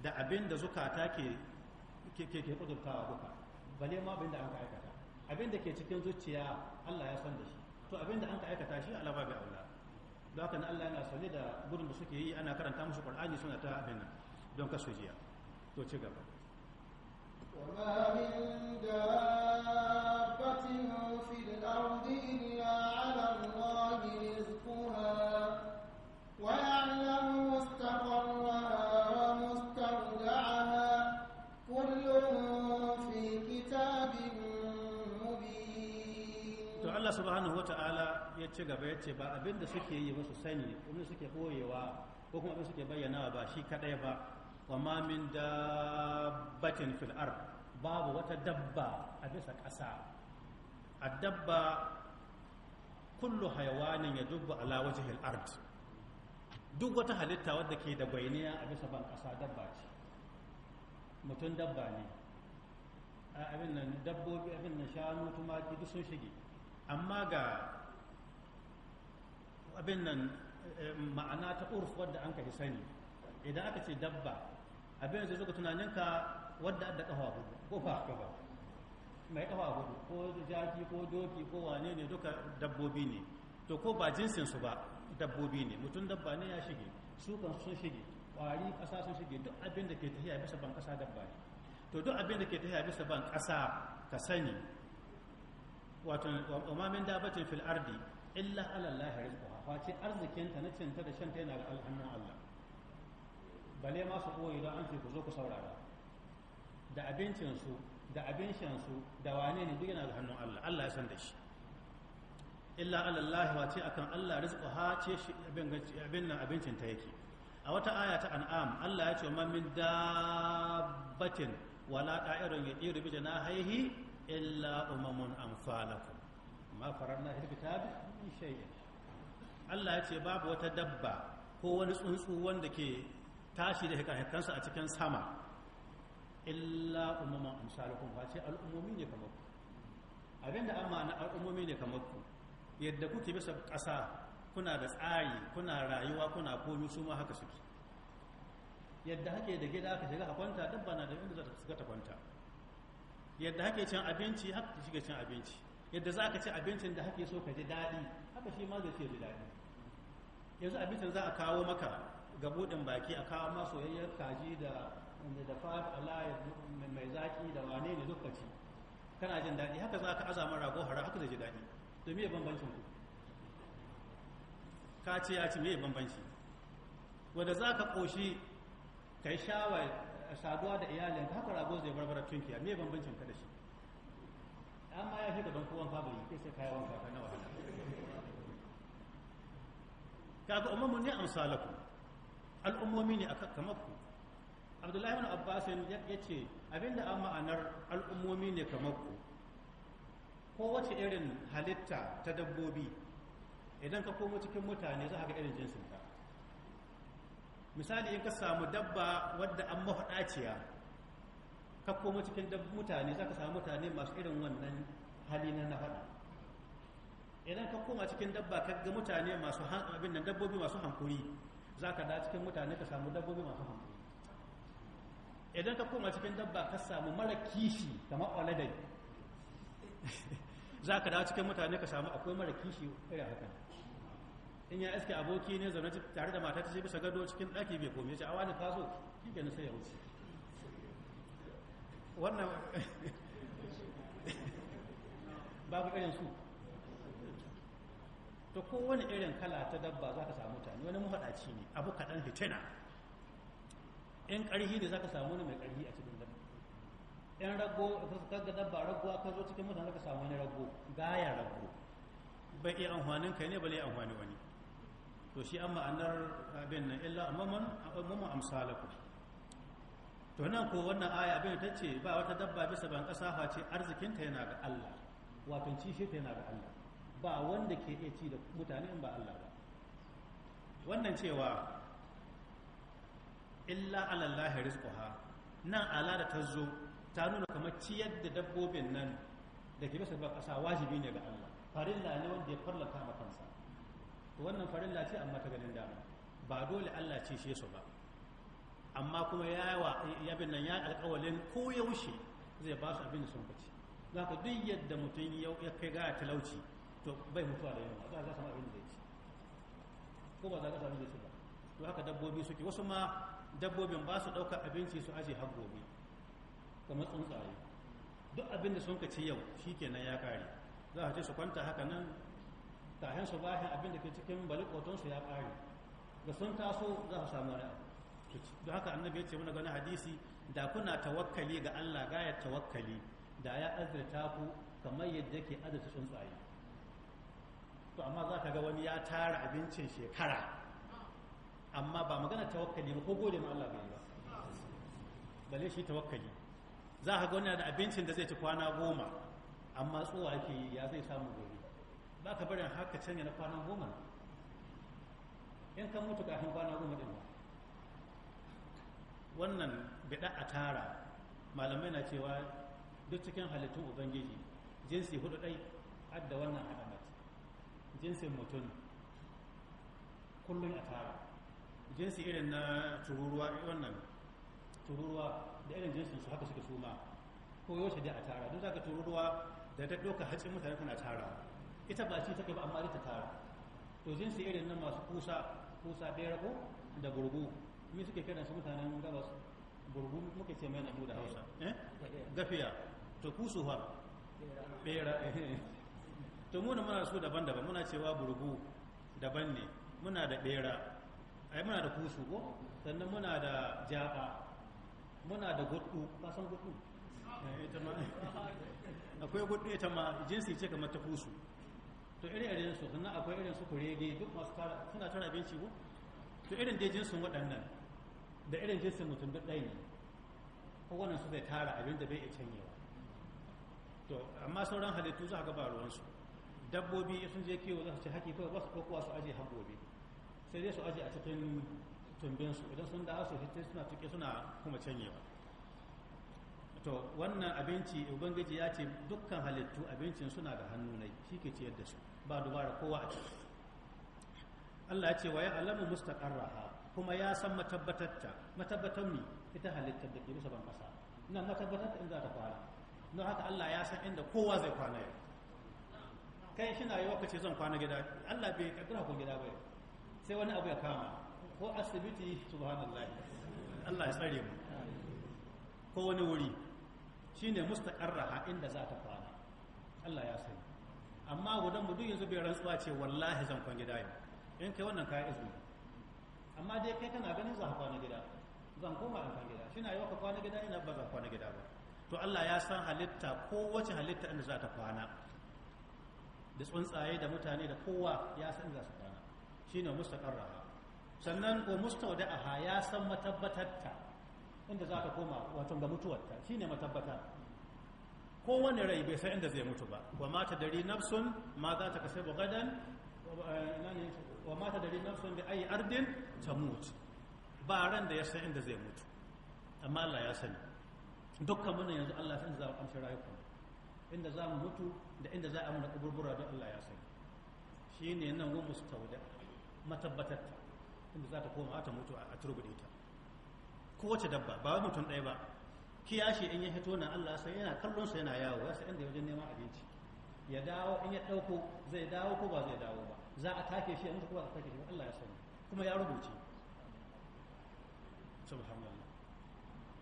Speaker 1: da abin da zukata ke ke ke kudurtawa duka ma abin da an ka aikata abin da ke cikin zuciya Allah ya san da shi to abin da an ka aikata shi Allah ba bai aula don haka Allah yana sane da gudun da suke yi ana karanta musu Qur'ani suna ta abin nan don kasu jiya to ci gaba subhanahu wata'ala ya ci gaba ya ce ba abinda suke yi ba su sani abin suke boyewa ko kuma abin suke bayyana ba shi kadai ba wa ma min dabbatin fil ard babu wata dabba a bisa ƙasa a dabba kullu hayawanin ya dubba ala wajhil ard duk wata halitta wadda ke da gwainiya a bisa ban ƙasa dabba ce mutum dabba ne abin nan dabbobi abin nan shanu tumaki duk sun shige amma ga abin nan eh, ma'ana ta urf wadda an kafi sani idan aka ce dabba abin da suka tunaninka wadda da kafa hudu ko fa kafa mai kafa hudu ko jaki ko doki ko wane ne duka dabbobi ne to ko ba jinsin su ba dabbobi ne mutum dabba ne ya shige su kan sun shige kwari kasa sun shige duk abin da ke tafiya bisa ban kasa dabba ne to duk abin da ke tafiya bisa ban kasa ka sani wato wa min dabatin fil ardi illa ala Allah rizquha face arzikinta na cinta da shanta yana ga alhannun Allah bale ma su koyi don an ce ku zo ku saurara da abincinsu da abin shansu da wane ne duk yana ga hannun Allah Allah ya san da shi illa ala Allah wace akan Allah rizquha ce shi abin nan abincin ta yake a wata aya ta an'am Allah ya ce ma min dabbatin wala da'irin yadiru bi janahihi illa umamun amsalakum ma faranna fil kitabi min shay'in Allah ya ce babu wata dabba ko wani tsuntsu wanda ke tashi da hikahikansa a cikin sama illa umamun amsalakum ba ce al'ummomi ne kamar ku abinda amma na al'ummomi ne kamar ku yadda kuke bisa ƙasa kuna da tsari kuna rayuwa kuna komi su ma haka suke yadda hake da gida aka shiga a kwanta dabba na da inda za ta ta kwanta yadda hake cin abinci haka ka shiga cin abinci yadda za ka ci abincin da hake so ka ji daɗi haka shi ma zai ce ji daɗi yanzu abincin za a kawo maka ga buɗin baki a kawo ma soyayyar kaji da da fara alaya mai zaki da wane ne lokaci kana jin daɗi haka za ka azama rago hara haka zai ji daɗi to ya bambancin ku ka ce ya ci me bambanci wanda za ka ƙoshi kai shawar saduwa da iyalin haka rago zai barbara a me bambancin ka da shi amma ya fi gaban kowan fa bai kai sai kai wanka ka na wahala kaga ummu ne amsalakum al'ummomi ne aka kamar ku abdullahi ibn abbas ya ce abinda an ma'anar al'ummomi ne kamar ku wace irin halitta ta dabbobi idan ka komo cikin mutane za ka ga irin jinsin misali in ka samu dabba wadda an mafaɗaciya ka komo cikin mutane za ka samu mutane masu irin wannan hali na nafaɗa idan ka koma cikin dabba ka ga mutane masu abin nan dabbobi masu hankuri za ka da cikin mutane ka samu dabbobi masu hankuri idan ka koma cikin dabba ka samu mara kishi kamar oladai za ka da cikin mutane ka samu akwai mara kishi irin haka in ya iske aboki ne zaune tare da mata ta ce bisa gado cikin ɗaki bai komai ce a wani faso shi ke sai ya wuce wannan babu irin su to kowane irin kala ta dabba za ka samu mutane wani mahaɗaci ne abu kaɗan fitina in ƙarhi da za ka samu ne mai ƙarhi a cikin dabba in rago kaga dabba rago kan zo cikin mutane ka samu wani rago gaya rago bai iya amfanin kai ne bale amfani wani to shi an ma'anar abin nan illa mummun amsalakum to nan ko wannan aya abin ta ce ba wata dabba bisa ban ƙasa face arzikinta yana ga Allah wato cishinta yana ga Allah ba wanda ke iya ci da mutane in ba Allah ba wannan cewa illa Allah rizquha nan ala da ta zo ta nuna kamar ciyar da dabbobin nan da ke bisa ban ƙasa wajibi ne ga Allah farilla ne wanda ya farlanta ma kansa to wannan farilla ce amma ta ganin dama ba dole Allah ce shi su ba amma kuma ya wa yabin nan ya alƙawalin ko yaushe zai ba su abin da sun kaci za ka duk yadda mutum ya kai gaya talauci to bai mutuwa da yawa za ka samu abin da ya ci ko ba za ka samu da ba to haka dabbobi suke wasu ma dabbobin ba su ɗaukar abinci su aje har gobe kamar tsuntsaye duk abin da sun kaci yau kenan ya kare za a ce su kwanta haka nan kayan su bayan abin da ke cikin balikotonsu ya ƙare da sun taso za su samu wani abu don haka annabi ya ce muna gani hadisi da kuna tawakkali ga Allah gaya tawakkali da ya azurta ku kamar yadda ke azurta tsuntsaye to amma za ka ga wani ya tara abincin shekara amma ba magana tawakkali ba ko gode ma Allah bai ba bale shi tawakkali za ka ga wani da abincin da zai ci kwana goma amma tsuwa yake ya zai samu gobe ba ka barin haka canya na kwanan goma in kan mutu kafin kwana goma din wannan bida a tara malamai na cewa duk cikin halittun ubangiji jinsi hudu ɗai adda wannan alamat jinsin mutum kullum a tara jinsi irin na tururuwa wannan tururuwa da irin jinsin su haka suka suma ko yau shi a tara duk za ka tururuwa da ta ɗauka hatsin mutane kuna tara ita ba ce take ba amma ita tara to jinsi irin nan masu kusa kusa ɗaya rabo da burgu mi suke kiran su mutanen gabas burgu muke ce mai nahu da hausa eh? gafiya to kusu ha bera to muna muna su daban-daban muna cewa burgu daban ne muna da bera ai muna da kusu ko sannan muna da jaba muna da gudu ba san gudu eh, akwai gudu ita ma jinsi ce kamar ta kusu to irin irin su sannan akwai irin su kurege duk masu tara suna tara abinci ko to irin dai jinsin waɗannan da irin jinsin mutum duk ɗaya ne wannan su zai tara abin da bai iya canyewa to amma sauran halittu za ga ba ruwansu dabbobi sun je kiwo za su ci haƙi kawai ba su kokowa su aje haƙobi sai dai su aje a cikin su idan sun da su hitin suna tuke suna kuma canyewa to wannan abinci ubangiji ya ce dukkan halittu abincin suna da hannu ne shi ke ciyar da su ba dubara kowa a ciki Allah ya ce wa ya alamu mustaqarraha kuma ya san matabbatatta matabbatar mi ita halittar da ke rusa ban kasa nan matabbatar inda ta kwana don haka Allah ya san inda kowa zai kwana yau kai shi na yi wakace zan kwana gida Allah bai kaddara ku gida bai sai wani abu ya kama ko asibiti subhanallahi Allah ya tsare mu ko wani wuri shine mustaqarraha inda za ta kwana Allah ya sani amma gudan mu duk yanzu bai rantsuwa ce wallahi zan kwan gida yau in kai wannan kayan izini amma dai kai kana ganin za ka kwana gida zan koma in kwan gida shi na yi waka kwana gida ina ba zan kwana gida ba to Allah ya san halitta ko wacce halitta inda za ta kwana da tsuntsaye da mutane da kowa ya san za su kwana shine mustaqarraha sannan ko mustawda'aha ya san ka. inda za ka koma wato ga mutuwarta shine matabbata kowane rai bai san inda zai mutu ba wa mata dari nafsun ma za ta kasai bugadan eh, wa mata dari nafsun da ayi ardin ta mutu ba ran da ya san inda zai mutu amma Allah ya sani dukkan mun yanzu Allah san za mu amshi mu inda za mu mutu da inda za a mu kuburbura da Allah ya sani shine nan wa mustauda matabbatatta inda za ta koma ta mutu a turbudita kowace dabba ba wai mutum ɗaya ba kiyashi in ya hito nan Allah sai yana kallon sa yana yawo ya sai inda wajen neman abinci ya dawo in ya ɗauko zai dawo ko ba zai dawo ba za a take shi yanzu kuma a take shi Allah ya sani kuma ya rubuce subhanallah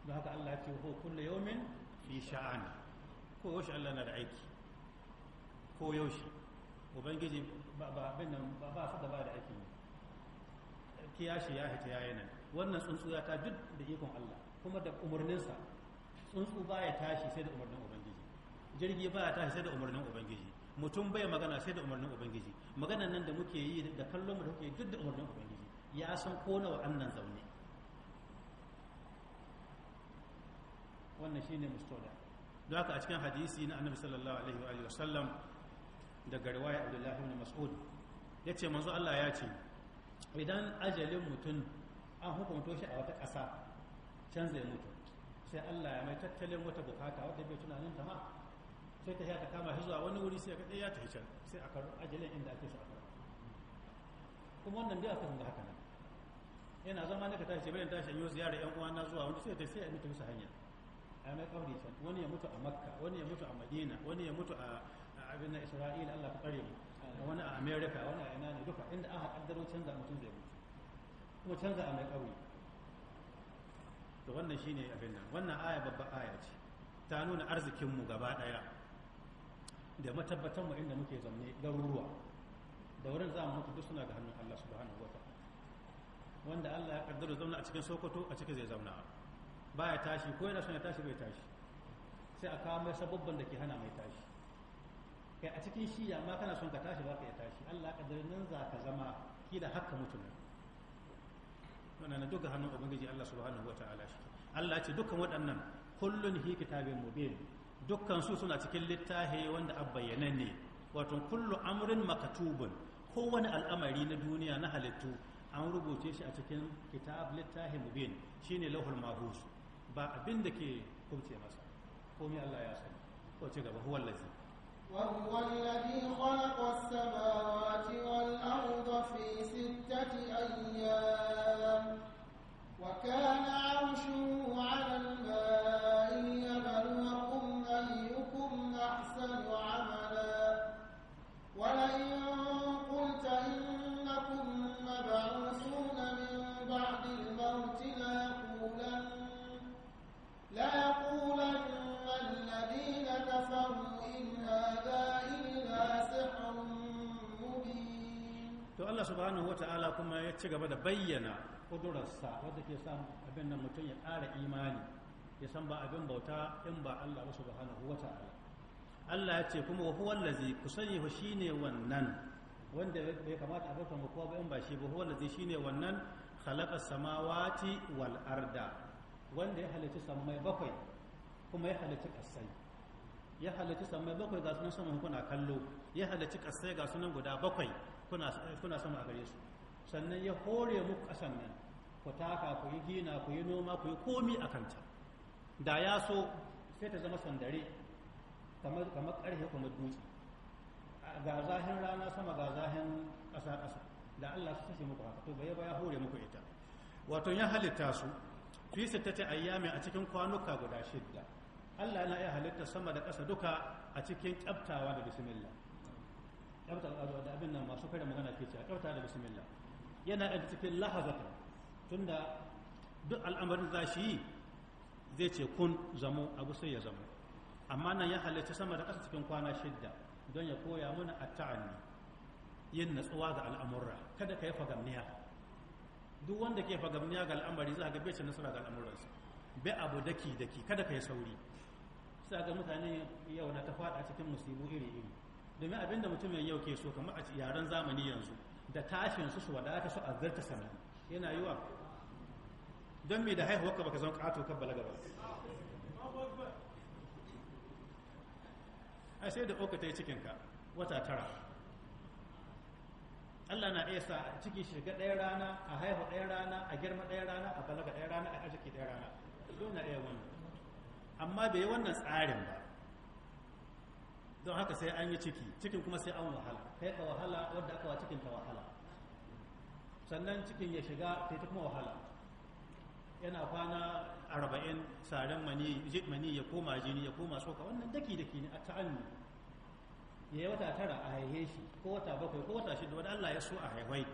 Speaker 1: don haka Allah ya ce ho kullu yawmin fi sha'an ko yaushe Allah na da aiki ko yaushe ubangiji ba ba abin nan ba su da ba da aiki kiyashi ya hita yayi nan wannan tsuntsu ya ta duk da ikon Allah kuma da umarninsa tsuntsu baya tashi sai da umarnin ubangiji jirgi baya tashi sai da umarnin ubangiji mutum bai magana sai da umarnin ubangiji maganan nan da muke yi da kallon mu da kuke duk da umarnin ubangiji ya san ko na wa'annan zaune wannan shine mustoda don haka a cikin hadisi na annabi sallallahu alaihi wa sallam wasallam daga riwaya abdullahi ibn mas'ud yace manzo Allah ya ce idan ajalin mutum an hukunto shi a wata ƙasa can zai mutu sai Allah ya mai tattalin wata bukata wadda bai tunanin ta ma sai ta ta kama shi zuwa wani wuri sai ka ya tafi can sai a karu ajalin inda ake shi a karu kuma wannan dai aka ga haka nan yana zama na ka tashi bayan tashi yau ziyara yan uwana zuwa wani sai ta sai a mutu musu hanya a mai kawai can wani ya mutu a makka wani ya mutu a madina wani ya mutu a abin na isra'ila allah ka kare mu wani a america wani a ina ne duka inda aka kaddaro canza mutum zai mutu kuma canza a mai ƙauye to wannan shi ne abin nan wannan aya babba aya ce ta nuna arzikinmu gaba ɗaya da matabbatanmu inda muke zamne garuruwa da wurin za mu mutu duk suna ga hannun Allah su wa wata wanda Allah ya da zauna a cikin Sokoto a cikin zai zauna Ba ya tashi ko yana son ya tashi bai tashi sai a kawo mai sabobban da ke hana mai tashi kai a cikin shi amma kana son ka tashi ba ka ya tashi Allah ya kaddara nan za ka zama kila hakka mutum ne wannan duka hannun ubangiji Allah subhanahu wataala shi Allah ce dukkan waɗannan kullun hi kitabin mubin dukkan su suna cikin littafi wanda a bayyana ne wato kullu amrin makatubun kowane al'amari na duniya na halittu an rubuce shi a cikin kitab littafi mubin shine lahul mahfuz ba abin da ke kubce masa komai Allah ya sani ko ci gaba huwallazi
Speaker 2: وهو الذي خلق السماوات والأرض في ستة أيام وكان عرشه على الماء
Speaker 1: Allah subhanahu wata'ala kuma ya ci gaba da bayyana kudurarsa wadda ke sa abin nan mutum ya ƙara imani ya san ba abin bauta in ba Allah ba subhanahu wata'ala Allah ya ce kuma huwa allazi kusanyi fa shine wannan wanda bai kamata a bauta ma ko ba in ba shi ba huwa allazi shine wannan khalaqa samawati wal arda wanda ya halitta samai bakwai kuma ya halitta kasai ya halitta samai bakwai ga sunan sama kuna kallo ya halitta kasai ga sunan guda bakwai kuna sama a gare su sannan ya hore muku ƙasan nan ku taka ku yi gina ku yi noma ku yi komi a kanta da ya so sai ta zama sandare kamar ƙarfe kuma dutse ga zahin rana sama ga zahin ƙasa ƙasa da Allah su sashe muku haka to bai ba ya hore muku ita wato ya halitta su fi sittati ayyami a cikin kwanuka guda shidda Allah na iya halitta sama da ƙasa duka a cikin tsaftawa da bismillah ɗauta uh, da abin nan masu da magana ke cewa ɗauta da bismillah yana ɗan cikin lahazata tunda duk al'amarin za shi yi zai ce kun zamo abu sai ya zamo amma nan ya halarci sama da ƙasa cikin kwana shidda don ya koya mana a ta'anni yin natsuwa ga al'amurra kada ka yi fagamniya duk wanda ke fagamniya ga al'amari za ga bece nasara ga al'amuransa bai abu daki daki kada ka yi sauri sai ga mutane yau na ta faɗa cikin musibu iri iri domin abinda mutumin yau ke so kamar a yaren zamani yanzu da tashin su su wadata su azarta sana yana yiwa don me da haihuwa ka baka zan kato ka balaga ba a sai da oka ta yi cikinka wata tara Allah na iya sa ciki shiga ɗaya rana a haihu ɗaya rana a girma ɗaya rana a balaga ɗaya rana a arziki ɗaya rana don na iya wannan amma bai yi wannan tsarin ba don haka sai an yi ciki cikin kuma sai an wahala kai ka wahala wadda aka wa cikin ta wahala sannan cikin ya shiga ta kuma wahala yana kwana arba'in saren mani ya koma jini ya koma soka wannan daki daki ne a ta'anni ya yi wata tara a haihe shi ko wata bakwai ko wata shida wadda Allah ya so a haihai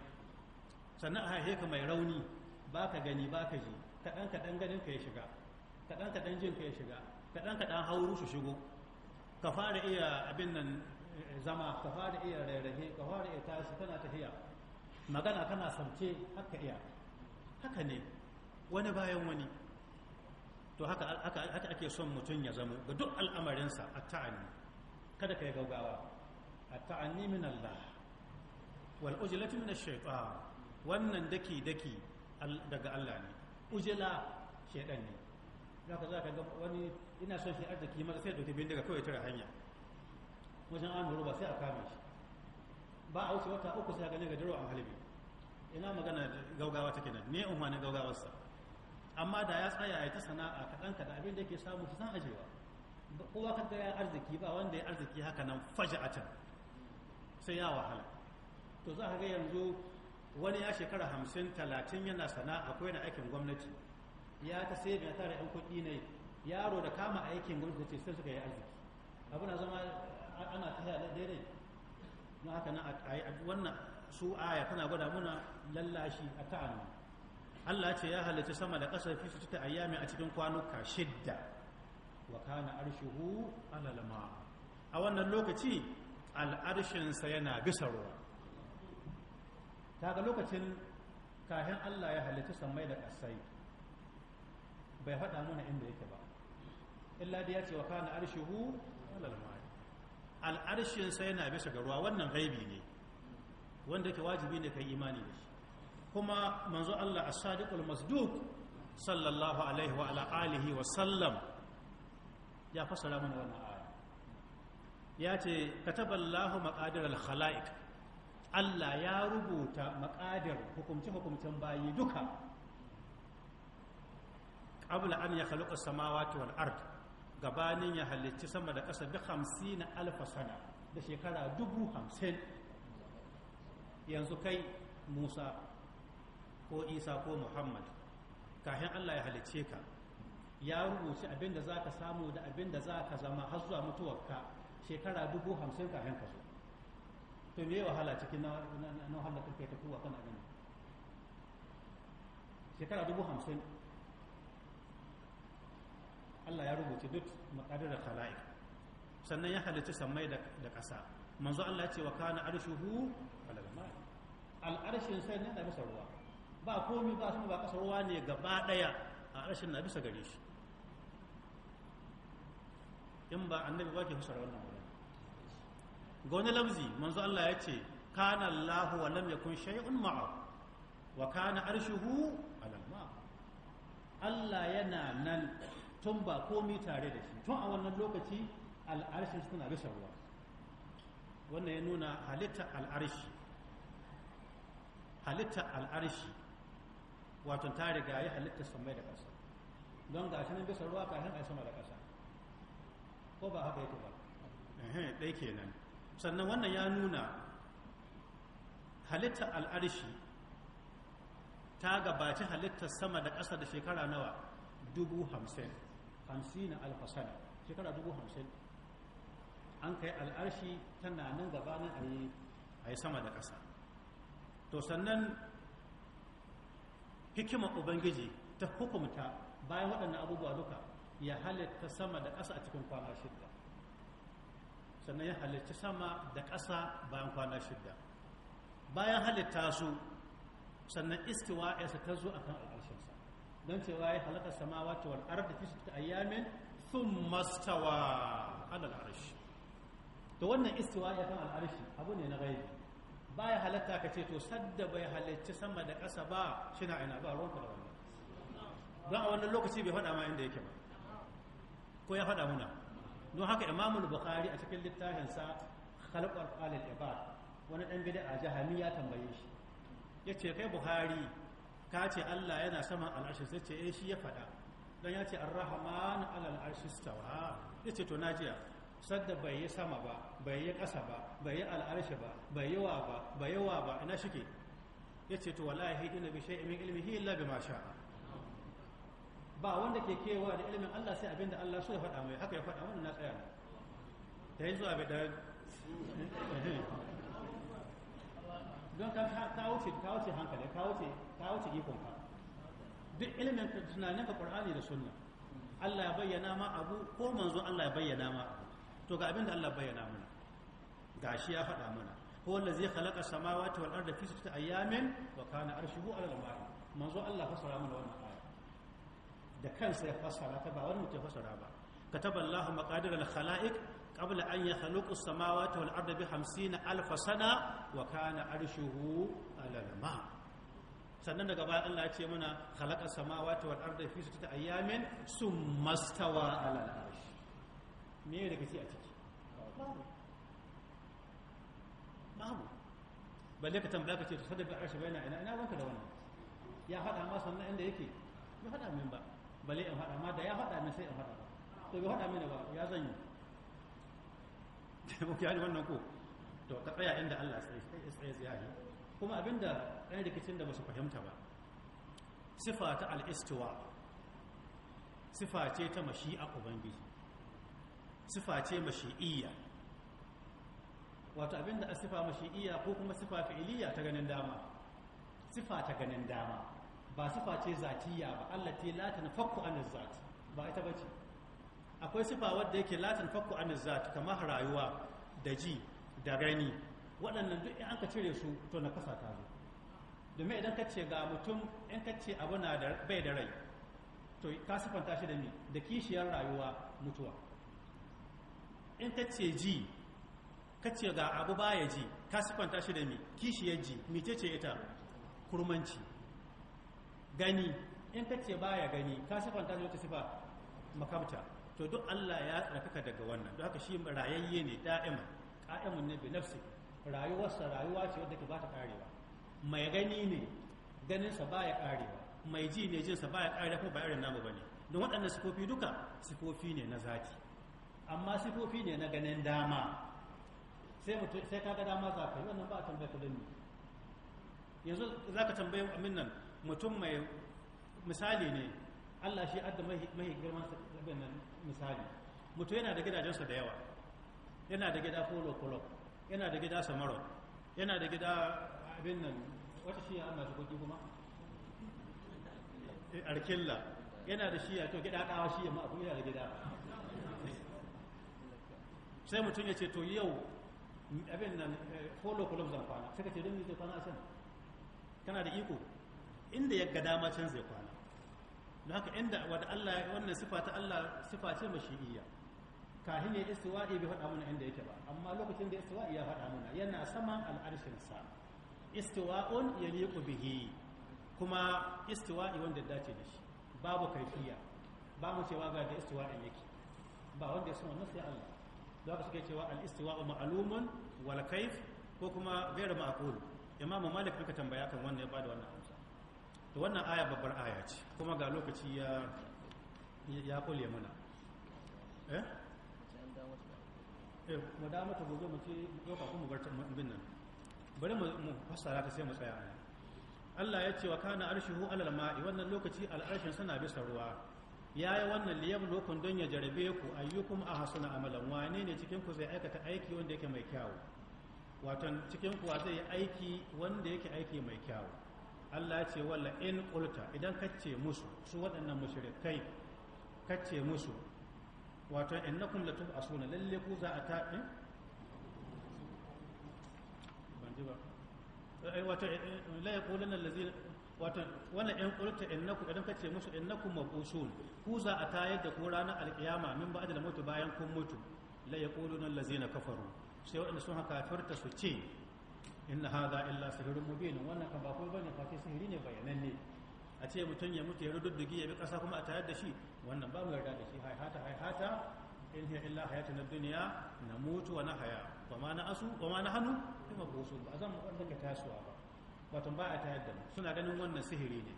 Speaker 1: sannan a haihe ka mai rauni ba ka gani ba ka ji kaɗan kaɗan ganin ka ya shiga kaɗan kaɗan jin ka ya shiga kaɗan kaɗan hauru su shigo ka fara iya abin nan eh, zama ka fara iya rairage ka fara iya tashi kana tafiya magana kana samce haka iya haka ne wani bayan wani to haka haka ake son mutum ya zamo ga duk al'amarinsa a ta'anni kada ka yi gaugawa atta'ani min Allah wal ujlatu min ash-shaytan wannan daki daki daga Allah ne ujla shaytan ne zaka zaka ga wani ina son shi arziki maza sai ɗauki daga kawai tara hanya wajen amuru ba sai a kama shi ba a wuce wata uku sai a gane ga jiro an halibi ina magana gaugawa take nan ne umarnin gaugawarsa amma da ya tsaya ya ta sana'a kaɗan kaɗan abin da ke samu su san ajewa kowa ka ga yi arziki ba wanda ya arziki haka nan a can sai ya wahala to za ka ga yanzu wani ya shekara hamsin talatin yana sana'a ko yana aikin gwamnati ya ta sai ya tara yan kuɗi ne yaro da kama aikin gwamnati sai suka yi arziki abu na zama ana alaɗe daidai Na haka yi wannan su aya tana gwada muna lallashi a ta'anu Allah ce ya halitta sama da ƙasar fi su cita ayyami a cikin kwanuka shidda wa kana arshihu alalma a wannan lokaci al'arshinsa yana bisa ruwa ta lokacin kahin Allah ya halitta samai da ƙasai bai faɗa muna inda yake ba illa da ya ce wa kana arshuhu alal al'arshin sa yana bisa ga ruwa wannan gaibi ne wanda yake wajibi ne kai imani da shi kuma manzo Allah as-sadiqul masduq sallallahu alaihi wa ala alihi wa sallam ya fasara mana wannan aya ya ce kataballahu maqadir al-khalaiq Allah ya rubuta maqadir hukumce hukumcen bayi duka qabla an yakhluqa as-samawati wal ard gabanin ya halicci sama da ƙasa duk hamsin na alfa sana da shekara dubu hamsin yanzu kai musa ko isa ko muhammad kahin allah ya halicce ka ya rubuci abinda za ka samu da abinda za ka zama har zuwa mutuwar ka shekara dubu hamsin kahin ka zo to me wahala cikin na wahala kai ta kowa kan abin shekara dubu hamsin Allah ya rubuta duk maqadir al sannan ya halitta samai da ƙasa manzo Allah ce wa kana arshuhu alal ma'i al'arshin sai ne da bisa ruwa ba komai ba sama ba ƙasa ruwa ne gaba ɗaya a arshin na bisa gare shi in ba annabi ba ke fasara wannan wurin ga wani lamzi manzo Allah ya ce kana Allahu wa lam yakun shay'un ma'a wa kana arshuhu alal ma' Allah yana nan tun ba komi tare da shi tun a wannan lokaci al'arshi suna bisa ruwa wannan ya nuna halitta al'arshi halitta al'arshi wato ta riga ya halitta samai da ƙasa don ga shi nan bisa ruwa kafin a sama da ƙasa ko ba haka yake ba ɗai kenan sannan wannan ya nuna halitta al'arshi ta gabaci halittar sama da ƙasa da shekara nawa dubu hamsin hamsina alfasana shekara dubu hamsin an kai al'arshi tana nan gabanin a yi sama da ƙasa to sannan hikimar ubangiji ta hukumta bayan waɗannan abubuwa duka ya halitta sama da ƙasa a cikin kwana shidda sannan ya halitta sama da ƙasa bayan kwana shidda bayan halitta su sannan istiwa ya ta zo a kan don cewa ya halaka samawati wal ardi fi sittati ayamin thumma stawa ala al arsh to wannan istiwa ya kan al'arashi abu ne na gaibi ya halatta ka ce to sadda bai halarci sama da ƙasa ba shina ina ba ruwanka da wannan Ba a wannan lokaci bai faɗa ma inda yake ba ko ya faɗa muna don haka imamul bukhari a cikin littafinsa khalqul qalil ibad wani dan bid'a jahamiya tambaye shi yace kai buhari ka ce Allah yana saman al'arshi sai ce eh shi ya faɗa don ya ce ar-rahman alal arshi stawa ce to najiya sadda bai yi sama ba bai yi ƙasa ba bai yi al'arshi ba bai yi wa ba bai yi wa ba ina shike ce to wala wallahi hidina bi shay'in ilimi hi illa bima masha ba wanda ke kewa da ilimin Allah sai abinda Allah so ya faɗa mai haka ya faɗa wannan na tsaya ne ta yi zuwa da don ka wuce hankali ka wuce ka wuce ikon ka duk ilimin tunanin ka qur'ani da sunna Allah ya bayyana ma abu ko manzo Allah ya bayyana ma to ga abin da Allah bayyana mana gashi ya faɗa mana ko wanda zai khalaqa samawati wal arda fi sittati ayamin wa kana arshuhu ala al-ma'i manzo Allah fasara mana wannan aya da kansa ya fasara ta ba wani mutum ya fasara ba كتب الله مقادير الخلائق قبل أن يخلق السماوات والأرض بخمسين ألف سنة وكان عرشه على الماء sannan daga baya Allah ya ce muna khalaqa samawati wal arda fi sittati ayyamin summa stawa ala al arsh me ne kace a ciki babu babu balle ka tambaya ka ce to sadaka arsh bayana ina ina wanka da wannan ya hada ma sannan inda yake ya hada min ba balle in hada ma da ya hada min sai in hada ba to bai hada mini ba ya zan yi da muke wannan ko to ka tsaya inda Allah sai sai sai ya yi kuma abinda ɗan rikicin da ba su fahimta ba sifa ta al'istuwa sifa ce ta mashi'a ubangiji sifa ce mashi'iyya wato abinda a sifa mashi'iyya ko kuma sifa fi'iliya ta ganin dama sifa ta ganin dama ba sifa ce zatiya ba Allah ta latin fakku an zati ba ita bace akwai sifa wadda yake latin fakku an zati kamar rayuwa da ji da gani waɗannan duk in an ka cire su to na kasa ta zo domin idan ka ce ga mutum in ka ce abu na bai da rai to ka sifanta shi da ni da kishiyar rayuwa mutuwa in ka ce ji ka ce ga abu baya ji ka sifanta shi da mi kishiyar ji mice ce ita kurmanci gani in ka ce baya gani ka sifanta shi da sifa makabta to duk Allah ya tsarkaka daga wannan don haka shi rayayye ne da'iman ka'imun ne nafsi rayuwarsa rayuwa ce wadda ba ta karewa mai gani ne ganinsa ba ya karewa mai ji ne jinsa ba ya karewa ko ba irin namu ba ne don waɗannan sifofi duka sifofi ne na zati amma sifofi ne na ganin dama sai mutu sai ka ga dama za ka yi wannan ba a tambaya kudin ne yanzu za ka tambaye amin nan mutum mai misali ne allah shi adda mahi girman sabin nan misali mutum yana da gidajensa da yawa yana da gida kolo kolo yana da gida samarot yana da gida abin nan wata shiya an masu kuɗi kuma
Speaker 3: eh, arkilla yana da shiya to gida kawo shiya ma abu yana da gida
Speaker 1: sai mutum ya ce to yau abin nan eh, holo kulob zan kwana sai ka ce don zai kwana a can kana da iko inda ya ga dama can zai kwana don haka inda wadda Allah wannan sifa ta Allah sifa ce mashi'iyya kahin ya istiwa'i bai faɗa mana inda yake ba amma lokacin da istiwa'i ya faɗa mana yana saman al'arshin sa istiwa'un yaliqu bihi kuma istiwa'i wanda dace da shi babu kaifiya ba mu cewa ga da istiwa'in yake ba wanda ya suna sai Allah za ka suke cewa al-istiwa'u ma'lumun wal kayf ko kuma ghairu ma'qul imamu malik aka tambaya kan wannan ya bada wannan amsa to wannan aya babbar aya ce kuma ga lokaci ya ya kulle mana eh Eh, mu da mata gobe mu ce ɗauka kuma bar bin nan bari mu fassara ta sai mu tsaya nan Allah ya ce wa kana arshihu alal ma'i wannan lokaci al'arshin sana bisa ruwa yayi wannan liyab lokun don ya jarabe ku ayyukum hasuna amalan wane ne cikin ku zai aikata aiki wanda yake mai kyawu wato cikin ku zai aiki wanda yake aiki mai kyawu Allah ya ce walla in qulta idan kace musu su waɗannan mushrikai kace musu wato innakum latub'asuna lalle ku za a tafi eh? ban ji ba eh, wato eh, la yaquluna allazina wato wannan in ƙulta innakum idan ka ce musu innakum mabusun ku za a tayar da ku ranar alƙiyama min ba'da mutu bayan kun mutu la yaquluna allazina kafaru sai waɗanda sun haka kafirta su ce inna hadha illa sihrun mubin wannan kan ba ko bane fa sihiri ne bayananne a ce mutum ya mutu ya rududdugi ya bi ƙasa kuma a tayar da shi wannan ba mu yarda da shi haihata haihata in hiya illa hayatun dunya na mutu wa haya wa ma asu wa ma na nahnu ma mabusu ba zan daga tasuwa ba wato ba a tayar da mu suna ganin wannan sihiri ne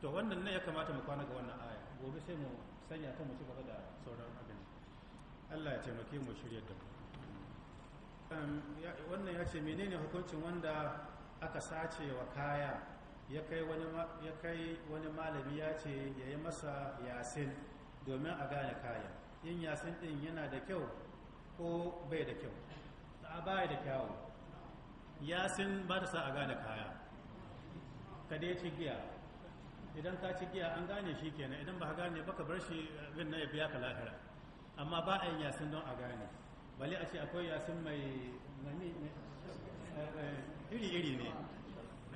Speaker 1: to wannan ne ya kamata mu kwana ga wannan aya gobe sai mu sanya kan mu ci gaba da sauran abin Allah ya taimake mu shirye da mu wannan ya ce menene hukuncin wanda aka sace wa kaya ya kai wani malami ya ce ya yi masa yasin domin a gane kayan yin yasin din yana da kyau ko bai da kyau a baya da kyawu yasin ba ta sa a gane kaya ka dai ci giya idan ka ci giya an gane shi kenan idan ba ka gane ba ka bar shi bin na ya biya ka lahira amma ba a yin yasin don a gane bali a ce akwai yasin mai eh, eh, iri-iri ne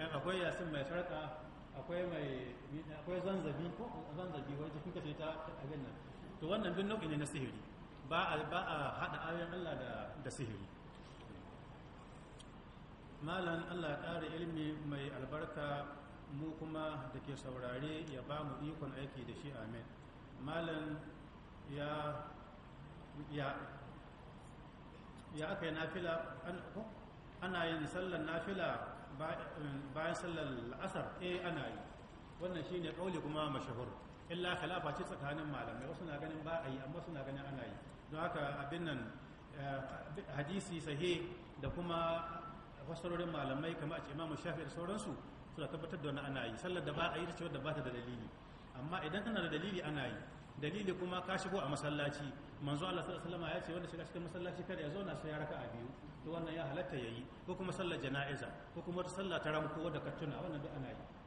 Speaker 1: akwai yasin mai sarka akwai mai akwai zanzabi ko zanzabi wai jikin ta abin nan to wannan duk nau'i ne na sihiri ba a ba a Allah da da sihiri malan Allah ya ilmi mai albarka mu kuma da ke saurare ya ba mu ikon aiki da shi amin malan ya ya ya aka yi nafila ana yin sallar nafila bayan sallar la'asar eh ana yi wannan shine kauli kuma mashahur illa khilafa ce tsakanin malamai wasu na ganin ba a yi amma suna ganin ana yi don haka abin nan eh, hadisi sahi da kuma fasarorin malamai kamar a ce imamu shafi da sauransu suna tabbatar da wani ana yi sallar da ba a yi ta ce wadda ba ta da dalili amma idan tana da dalili ana yi dalili kuma ka shigo a masallaci manzo Allah sallallahu alaihi wasallam ya ce wanda shiga cikin masallaci kada ya zauna sai ya raka'a biyu to wannan ya halatta yayi ko kuma sallar jana'iza ko kuma sallar ta ramko da katuna wannan duk ana yi